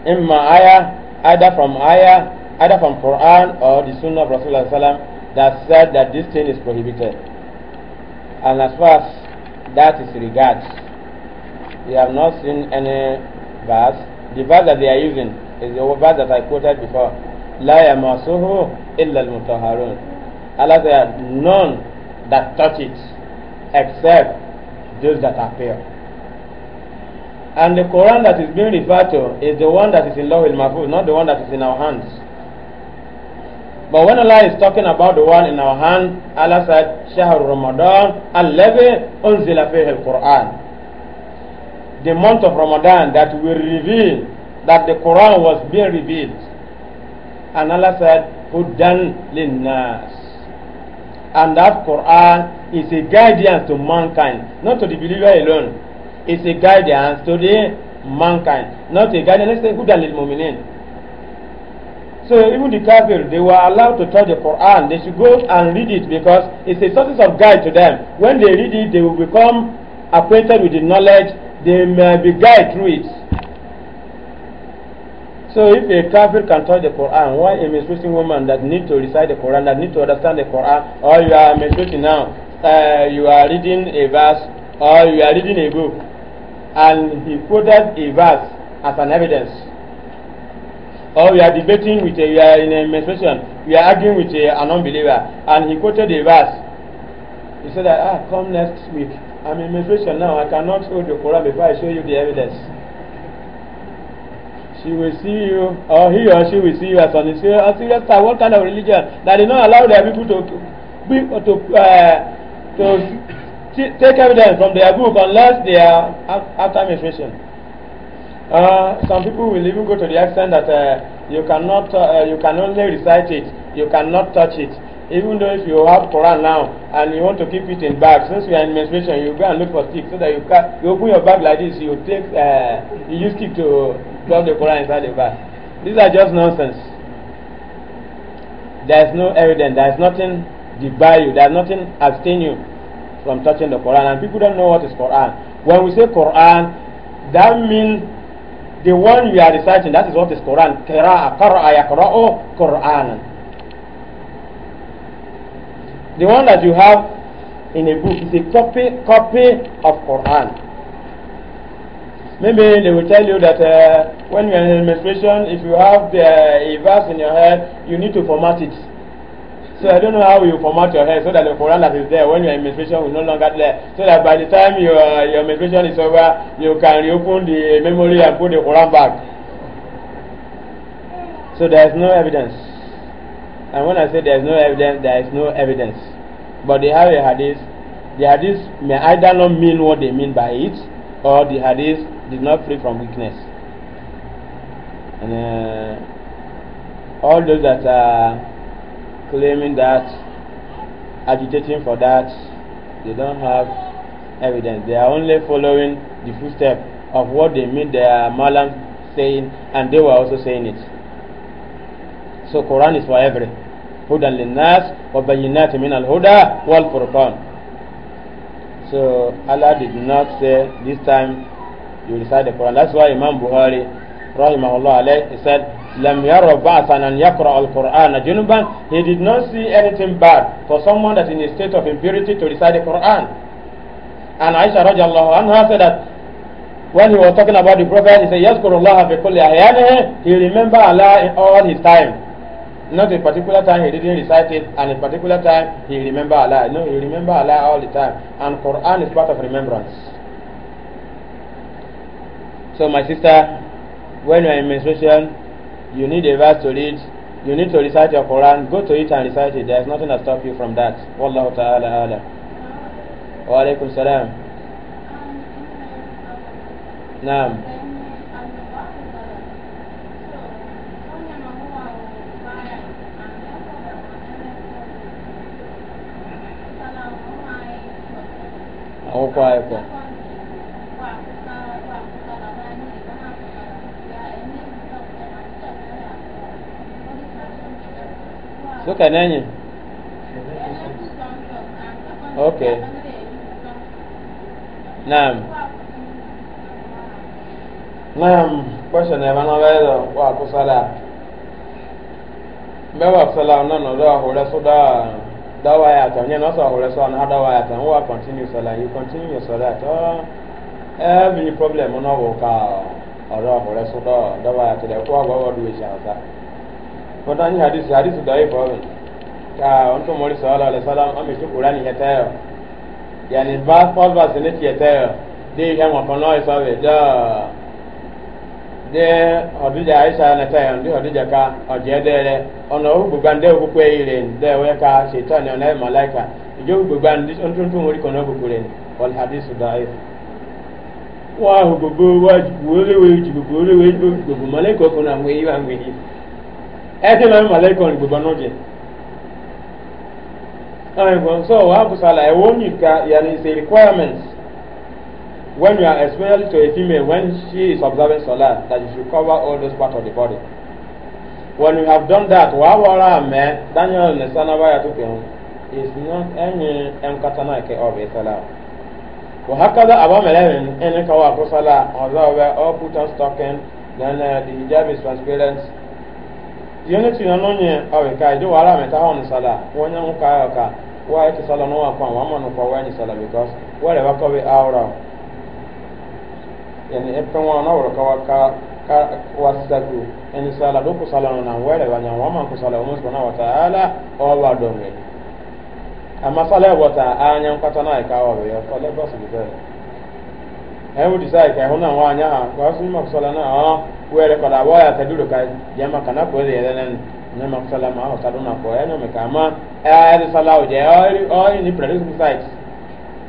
in Maaya either from ayah either from Quran or the Sunnah of Rasulullah Sallam, that said that this thing is prohibited. And as far as that is regards, we have not seen any verse. The verse that they are using is the verse that I quoted before. La yamasuhu illa al-mutahharun. Allah said, none that touch it except those that appear. And the Quran that is being referred to is the one that is in Law with Mahfuz, not the one that is in our hands. But when Allah is talking about the one in our hand, Allah said, Shahr Ramadan, Al-Levi, Unzila fihi al-Quran. The month of Ramadan that will reveal that the Quran was being revealed. And Allah said, Hudan linnas. And that Quran is a guidance to mankind, not to the believer alone. It's a guidance to the mankind, not a guidance. Let's say Hudan lil So even the kafir, they were allowed to touch the Quran. They should go and read it because it's a source of guide to them. When they read it, they will become acquainted with the knowledge. They may be guided through it. So if a kafir can touch the Quran, why a menstruating woman that need to recite the Quran, that need to understand the Quran, or you are menstruating now, uh, you are reading a verse, or you are reading a book, and he quoted a verse as an evidence or we are debating with a, we are in a menstruation, we are arguing with a, an unbeliever, and he quoted a verse. He said that, ah, come next week. I'm in menstruation now. I cannot hold the Quran before I show you the evidence. She will see you, or he or she will see you as an serious, a serious type. What kind of religion? That they not allow their people to be, to uh, to take evidence from their book unless they are after menstruation. Uh, some people will even go to the extent that uh, you cannot, uh, you can only recite it, you cannot touch it. Even though if you have Quran now and you want to keep it in bag, since you are in menstruation, you go and look for stick so that you can you open your bag like this, you take, uh, you use stick to drop the Quran inside the bag. These are just nonsense. There is no evidence. There is nothing debar you. There is nothing abstain you from touching the Quran. And people don't know what is Quran. When we say Quran, that means the one you are reciting, that is what is Quran. Qira'a, qara'a yaqra'u Quran. The one that you have in a book is a copy copy of Quran. Maybe they will tell you that uh, when you are in administration, if you have the, uh, a verse in your head, you need to format it. So I don't know how you format your hair so that the Quran that is there when your menstruation is no longer there. So that by the time your, uh, your menstruation is over, you can reopen the memory and put the Quran back. So there is no evidence. And when I say there is no evidence, there is no evidence. But they have a hadith. The hadith may either not mean what they mean by it, or the hadith did not free from weakness. And uh, all those that are claiming that, agitating for that, they don't have evidence. They are only following the footstep of what they made their malam saying, and they were also saying it. So Quran is for every. هدى للناس al من الهدى والفرقان. So Allah did not say this time you recite the Quran. That's why Imam Bukhari, rahimahullah alayhi, he said lam yara ba'san an yaqra al-Qur'an junuban he did not see anything bad for someone that in a state of impurity to recite the Quran and Aisha radiallahu anha said that when he was talking about the prophet he said yazkurullah bi kulli ahyanihi he remember Allah in all his time not a particular time he didn't recite it and a particular time he remember Allah no he remember Allah all the time and Quran is part of remembrance so my sister when you are in menstruation you need a verse to read, you need to recite your Quran, go to it and recite it. There is nothing that stops you from that. Wallahu ta'ala ala. Wa alaikum salam. Naam. Ako Look at Nanny. Okay. Naam. Naam. Question ebe na ọbẹ dọ wa akusala. Mbẹ wa akusala nọ nọ dọ ahụrụ ẹsọ ya atọ nye na ọsọ ahụrụ na adọ wa ya atọ n wa continue you continue your sọla atọ problem n'ọbụ ka ya atọ kó agwọ wata ni hadisi hadisi da yake bawo ka onto mori sallallahu alaihi wasallam ame to qur'ani hetayo yani ba fal ba sene ti hetayo de ya mo kono isa we da de odija aisha na tayo ndi odija ka ojedere ono ugbande ogukwe ire nde we ka shaitan ona malaika ijo ugbande onto onto mori kono ogukure wal hadisi da yake wa gbogbo wa gbogbo lewe gbogbo lewe gbogbo malaika kono amwe iwa ngwe ɛti na mi malaika ɔni gbogbo ɔno jɛ ɛn kɔn so wa busala ɛ wɔn yi ka yanni is a requirement when you are especially to a female when she is observing solar that you should cover all those parts of the body when you have done that wa wɔra mɛ daniel nisana waya to kɛn is not ɛnyi ɛnkata na kɛ ɔbɛ sala وهكذا أبا ملامن إنك وأقصى لا هذا هو all put on stocking then uh, the hijab is transparent yene tina nonye awe kai do wala meta hon sala wonya nka ya ka wa eti sala no wa kwa wama no kwa wanyi sala because wale wakobe aura yani epen wa na wala ka ka ka wasagu en sala do ku sala no na wale wanya wama ku sala umus na wa taala o wa do me ama sala wa ta anya nkata na e ka wa be ya sala basi bi be e wo disai ka e hona wa anya ha wa sun ma sala na ah wɛrɛ kɔda wɔ ya sɛdu ka jɛma kana ko de yɛrɛ nɛni ne ma sala ma o sadu na ko ɛnyɛ mi ka ma ɛyɛ sala o jɛ ɔyɛ ɔyɛ ni pɛrɛdi kun sait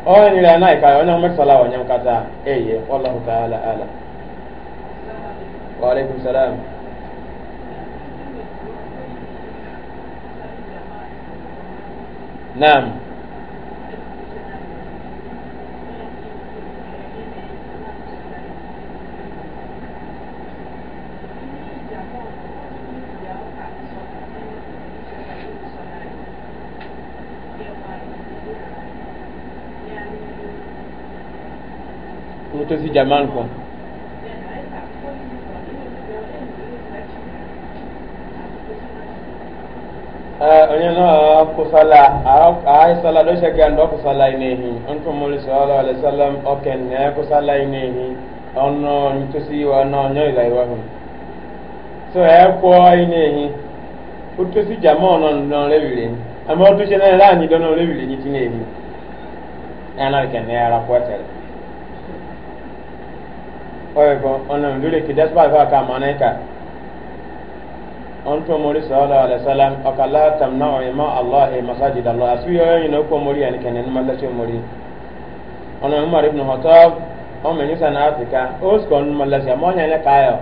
ɔyɛ ni lɛ n'a ye ka ɔnyɛ mi sala o nyɛ ka taa e ye walahu ta'ala ala wa aleykum salaam. naam. tosi jaman ko onye nọ a ahụ sala doche ga ndị ọkụsala inehi ntụ mmiri sọlọ alisalam ọken na kụsala inehi ọnụ ntosi iwa na onye iwa so ya kwọ inehi jama na ele anyị dọ nọ rewire nyi tinehi ya ken ara oye ko onon lure ki desba ba ka manai ka on to mori sallallahu alaihi wasallam o ka la tamna ima allah masajid allah asu yo yin ko mori an kenen ma la che mori onon umar ibn khattab o me nyisa na afrika o skon ma la che mo nya le ka yo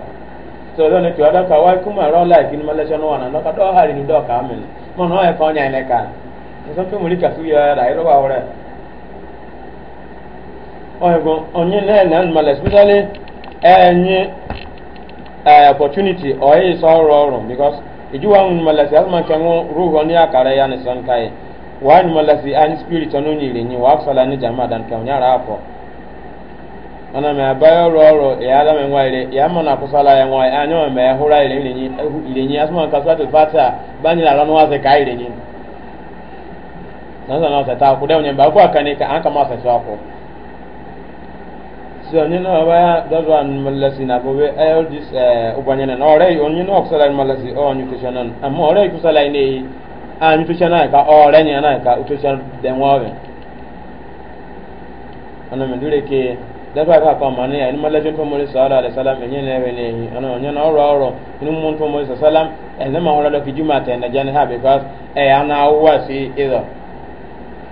so lo ne ti oda ka wa kuma ro la kin ma la che no wana no ka do hari ni do ka amen mo no e ko nya le ka so to mori ka su yo ra ro wa ore oye ko onye na na ma la especially enyi uh, opportunity ọ yi sọ ọrụ ọrụ because ijuwa nwun malasi asuma kengu ruhu ni akara ya ni son kai wa ni malasi ani spirit ọnu nyiri nyi wa afsala ni jama dan kengu nyara afọ ana mɛ abayɔ rɔrɔ ya ala mɛ ŋwa ire ya mɔ na kusala ya ŋwa anya mɛ mɛ hura ire ire nyi ire nyi asuma kasuwa ti fata ba nyi la lɔnu wa se ka ire nyi nasa na ɔsɛ ta ko a onyɛ ba ko akane ka an kama so onye na ọba dọdụ anụ na bobe all this ụgbanye eh, na ọrịa onye ọ onye tụcha na ama ọrịa ịkụsala ị na-eyi anyị ka ọrịa nye na ka oh, ana ke ka ya ni mmalasi ntụ mmiri ala ọrịa ehi ana onye na ọrụ ọrụ salam juma eh, na ha ya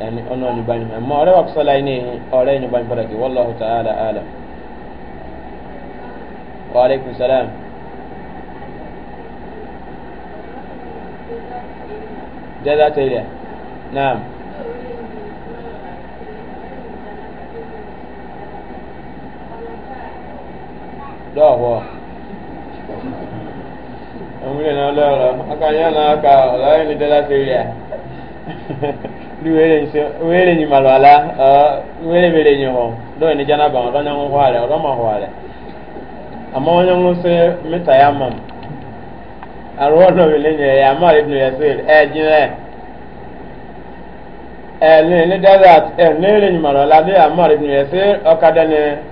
yani ono ni bani amma ore wa kusala ini ore ni bani baraki wallahu ta'ala alam wa alaikum salam jaza tayyiba na'am dɔwɔ ɔmu le na ɔlɔrɔ aka na aka ɔlɔrɔ ni dɛ la ɗi wereñimalo ala ni janaba oɗo ñangu xoale oɗo ma xoale amma o ñangu se mi tayamam arwono weleñee yamar ibnu yasir e jine e ni ni dadat e ni wereñimalo ala ni yamar ibnu yasir o kadane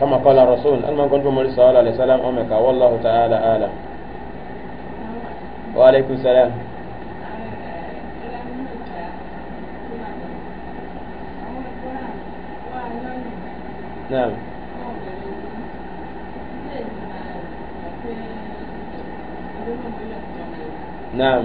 كما قال الرسول أما كنت مولى صلى الله عليه وسلم أمك والله تعالى أعلم وعليكم السلام نعم نعم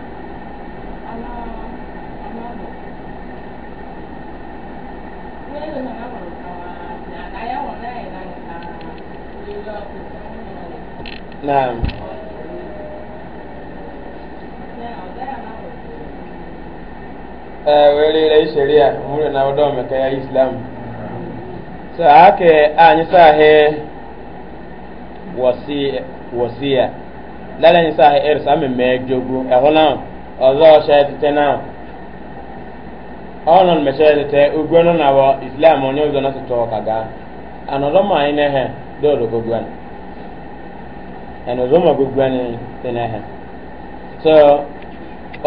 نعم eh, wele ile sheria mure na wadome ka ya islam sa ake anyi ah, sahe wasi wasia lala ni sahe ersa me mejogu ehona eh, ọzọ shetete na nọ meshetete ugwe nọ na wọ islam onye ụzọ na tụtụ ọka ga anọdọ ma anyị na dọrọ gbogbo anyị ẹnọdọ ma na so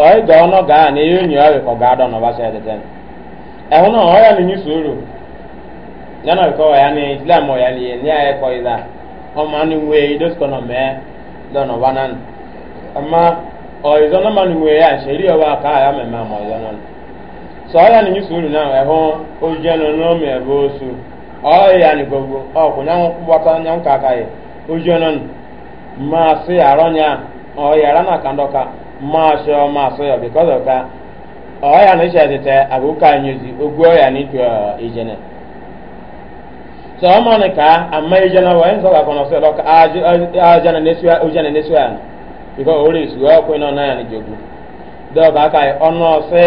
ọyị ga ọnọ ga na ihe onye ọrịa kọ ga na ẹhụ na ya na enyi soro ya na ya na islam ya na ihe ndị anyị kọ ịza ọma nụ nwee idosikọ mee dọ ọ̀ìzọ́nà máa ya mo yẹ àṣírí ọba káàyà mẹ́mẹ́ àmọ́ ìzọ́nà ni sọ́ọ́yà ni yíṣu rìn náà ẹ̀họ́ ojú ẹnu lọ́mọ ẹ̀bọ́ oṣù na ni gbogbo ọ̀kùn yàn ya yàn kàkà yẹ ojú ẹnu ni máa sí àrọ́nyà ọ̀ọ́yà ránà kàndọ́ka máa ṣe ọ máa sọ ṣe ni ẹ̀ because o le su ọkụ ịnọ na ya n'ijogbu dọba aka ọnụ ọsị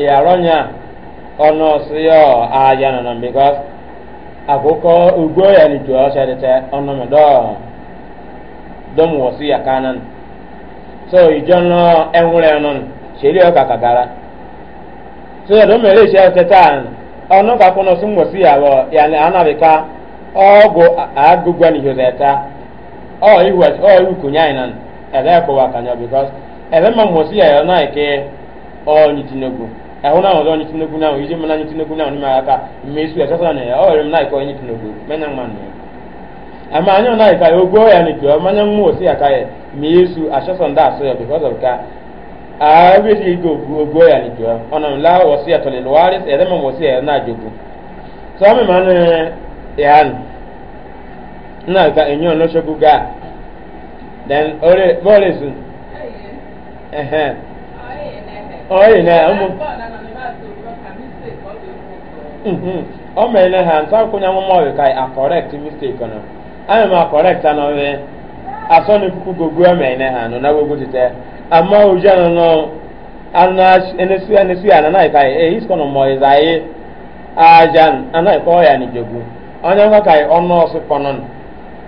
ịyarọ nya ọnụ ọsị ọ ahịa nọ na because akụkọ ya n'iju ọsịa dịte ọnụ m dọọ dọm ya so nọ enwere nọ sheri so taa ka ya bụ ọ ihu ọ ihu kunye anyị nan ẹdẹ ẹkọwa kanya because ẹdẹ mma mmosi yẹ ẹ náà ọ nyi tinubu ẹhụ náà ọdọ nyi tinubu náà oyi aka na esu ẹsẹ sọ nìyẹ ọ yẹrẹ mma anyị ọna ya n'itu mmanya aka esu ahyẹ sọ ndị asọ yẹ because of ka ya n'itu ọ ọ nọ nla wọsi wari ya na ka enyo no shogu ga then ore bole sun eh eh oye na umu mhm o me na han ta kunya mo mo kai a correct mistake no ai ma correct na we aso ni kuku gogo me na han na gogo tete amma o jana no ana enesu enesu ana na kai e, e is kono mo izai e ajan ana ko ya ni jogu onye ka kai e, ono su konon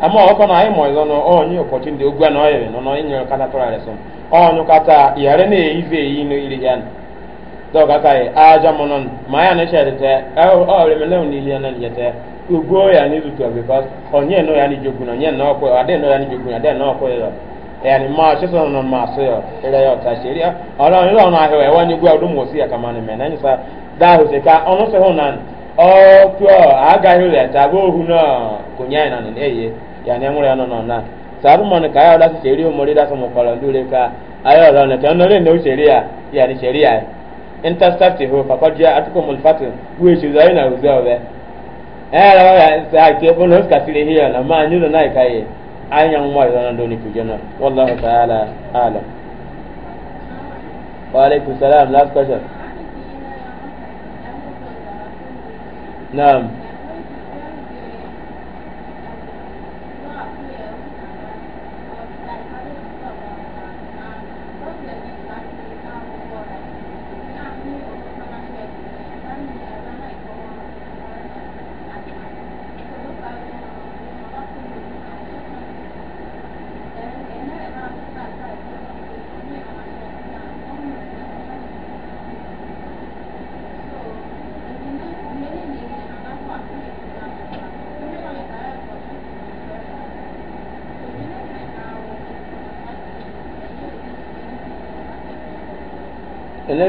ama ọkọ na anyị mọ ịzọ nọ ọnyị ụkọchị ndị ogwu na ọyịrị nọ n'ịnyere nkata tụrụ arịsọ ọnyụ kata yare na eyive eyi n'iri ya dọọ kaka yi aja mụ nọ ma ya na eche tete ọrịa mele na ili ya na nje tete ya na izutu onye nọ ya n'ije ogun onye nọ ọkụ adị ya n'ije nọ ọkụ ma chisa nọ ma ya ya ọta ọrụ ahịa ewe si ya kama na ọnụ ọkọ agaghị leta bụ ohu na kụnya na na-eyi ya na enwere nọ na sabu mọni ka ayọ lati seri omori lati ndị ka ayọ lọ nẹtẹ ọnà lẹni o ya ya na ya interceptive ho papa jẹ atukọ na ozọ ọbẹ ẹ ya ya sẹ ake fún lọ sika siri na maa anyị lọ na ihe. anya نعم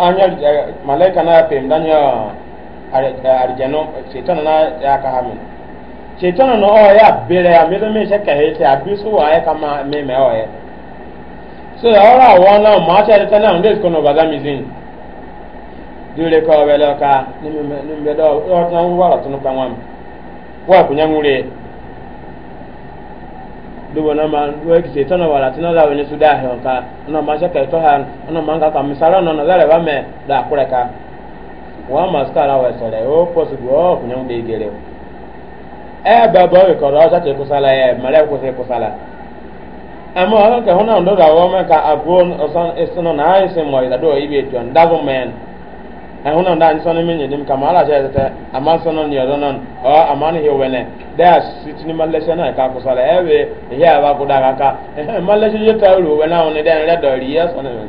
anya malaika na pem danya arjano setan na ya ka hamin setan na o ya bere ya mele me shaka he ta bisu wa ya kama me me o ya so ora wona ma ta ta na ndes kono baga mizin dure ko bele ka ni me ni me do o tan wa tunu kan wa wa kunyangure dubo na man we kise tono wala tino la wene suda he ka ono ma shaka to han manga ka misara no no dare ba da kureka wa maskara we sere o posibu o kunyong de gere e ba ba we ko ra te kusala e mare ko se kusala ama ka ndo ka osan esono na do ibe da men ɛhun na ndaa nisɔn mi nyinim kama ala kyerɛ tɛtɛ ama nsɔn na nyiɛ dɔn ɔ ama ne hi wɛnɛ dɛɛ asiti ni malɛsɛ na ɛka kusala la ɛwɛ ehi kuda kaka ɛhɛn malɛsɛ yɛ ta ɛwɛ wɛnɛ ahun ne dɛɛ ɛrɛ dɔɔri yɛ sɔn ne mɛ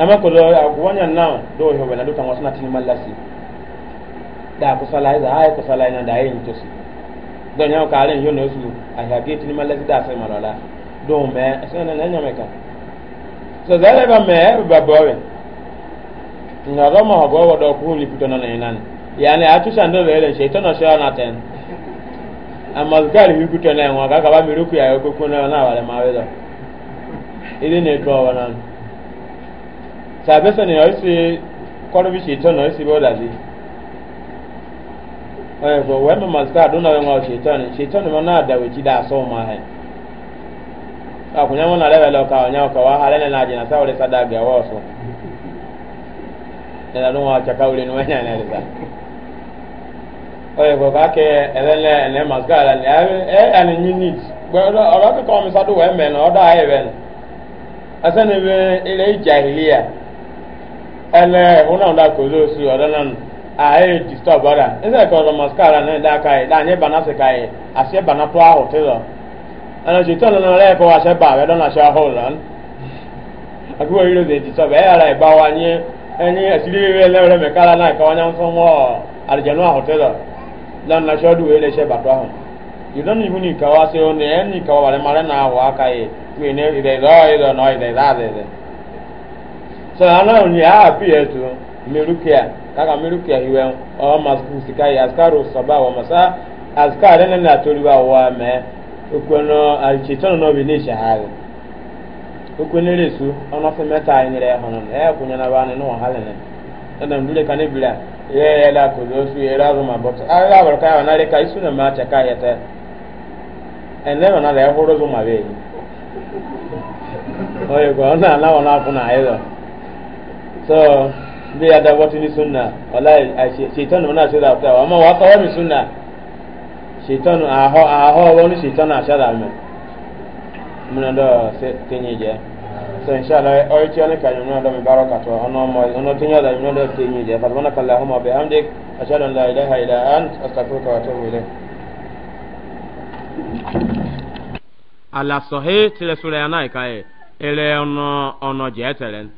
ama kodo aguwanya naa do hi wɛnɛ do kama sɔn ti ni malɛsi daa kusa la ɛzɛ ayɛ kusa la ɛnɛ daa yɛ ntosi dɔn nyɛ kaale nhi na osu ahia gate ni malɛsi daa sɛ malɔla do mɛ ɛsɛ nga ga mo go wo do kru li kutono na inan yani atu sando le le shaytano shana ten amma zgal hi kutono en wa ga ba mi ruku ya ko kuno na wale ma wedo ile ne to wana sabesa ne yosi kono bi shaytano yosi boda zi eh ko wa ma mazka do na wa shaytano shaytano ma na da weji da so ma he akunyamo na level ka onyawo ka wa halene na jina da sadaga wa so nana eh, no wa chaka wule no wanya na leza oye baba ke elele ele masgala ni e ani ni need gbọdọ ọrọ ti kọ mi sadu wẹ na ọdọ ayẹ bẹ asẹni bẹ ilẹ ìjàhìlíà ẹlẹ ọhún ọdọ akọlọ osu ọdọ náà disturb ọdọ ẹsẹ kọ ọdọ mascara náà ẹdá bana sẹ ka bana tó ahọ ti lọ ẹnna ṣe tọ́ nínú ọlẹ́yẹ kọ́ wa ṣẹ ẹni àṣírí rẹ lẹ́rẹ̀ mẹ́kára náà ìkọ́ ọ̀nyá ń fún wọn àlìjẹ̀nú àhòtẹ́lẹ̀ lẹ́nu náà ṣọ́ọ́dù wẹ́ẹ́ lè ṣe bàtọ́ àhùn ìdán ní ìhun ìkàwá ṣe ní ẹni ìkàwá wà lẹ́mọ̀ náà wà ká yẹ pé ní ìdẹ̀ ìdọ́ ìdọ̀ náà ìdá ni a bí ẹ̀ tó mẹ́rùkìá kàkà mẹ́rùkìá ìwẹ̀ ọ̀ màsùkù sìkà yìí màsà náà okwenere su ọnọsị metaa anyị nyere ya hụrụ ya kwenye na bani n'ụwa ha lene dule ka ya ya la kozi osu ya azụ ma bọtụ a ya abalị ka ya na ka isu na mma acha ka ya tẹ ẹnna ẹnna na ya hụrụ ma bee oye kwa ọ na-ala ọ na na ayị so bi ya dabọtụ ni sunna ọla ọ na ọ ma ahọ ahọ ọ bụ na ọ tinye so inshallah oy tiyan ka nyuna do mi baraka to ono mo ono tinya da nyuna do tinyi de fa bana kallahu ma bi hamdik ashhadu an la ilaha illa ant astaghfiruka wa atubu ilayk ala sahih tile sulayana ikaye ele ono ono jetelen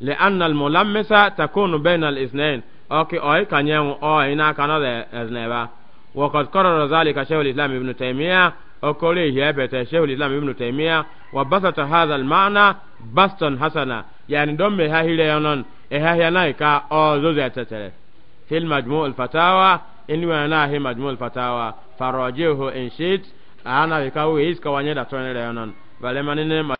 le anna al mulammisa takunu bayna al ithnain oki oy kanyen o ina kana ezneba wa qad qarara zalika shaykh al islam ibn taymiyah okore hiya beta shehul islam ibn taymiya wa basata hadha al ma'na bastan hasana yani don me hahire yonon e hahiyana ka o zozo ya tetere fil majmu' al fatawa inni wa na hi majmu' al fatawa farajihu in shit ana ka we iska wanye da tonere yonon bale manene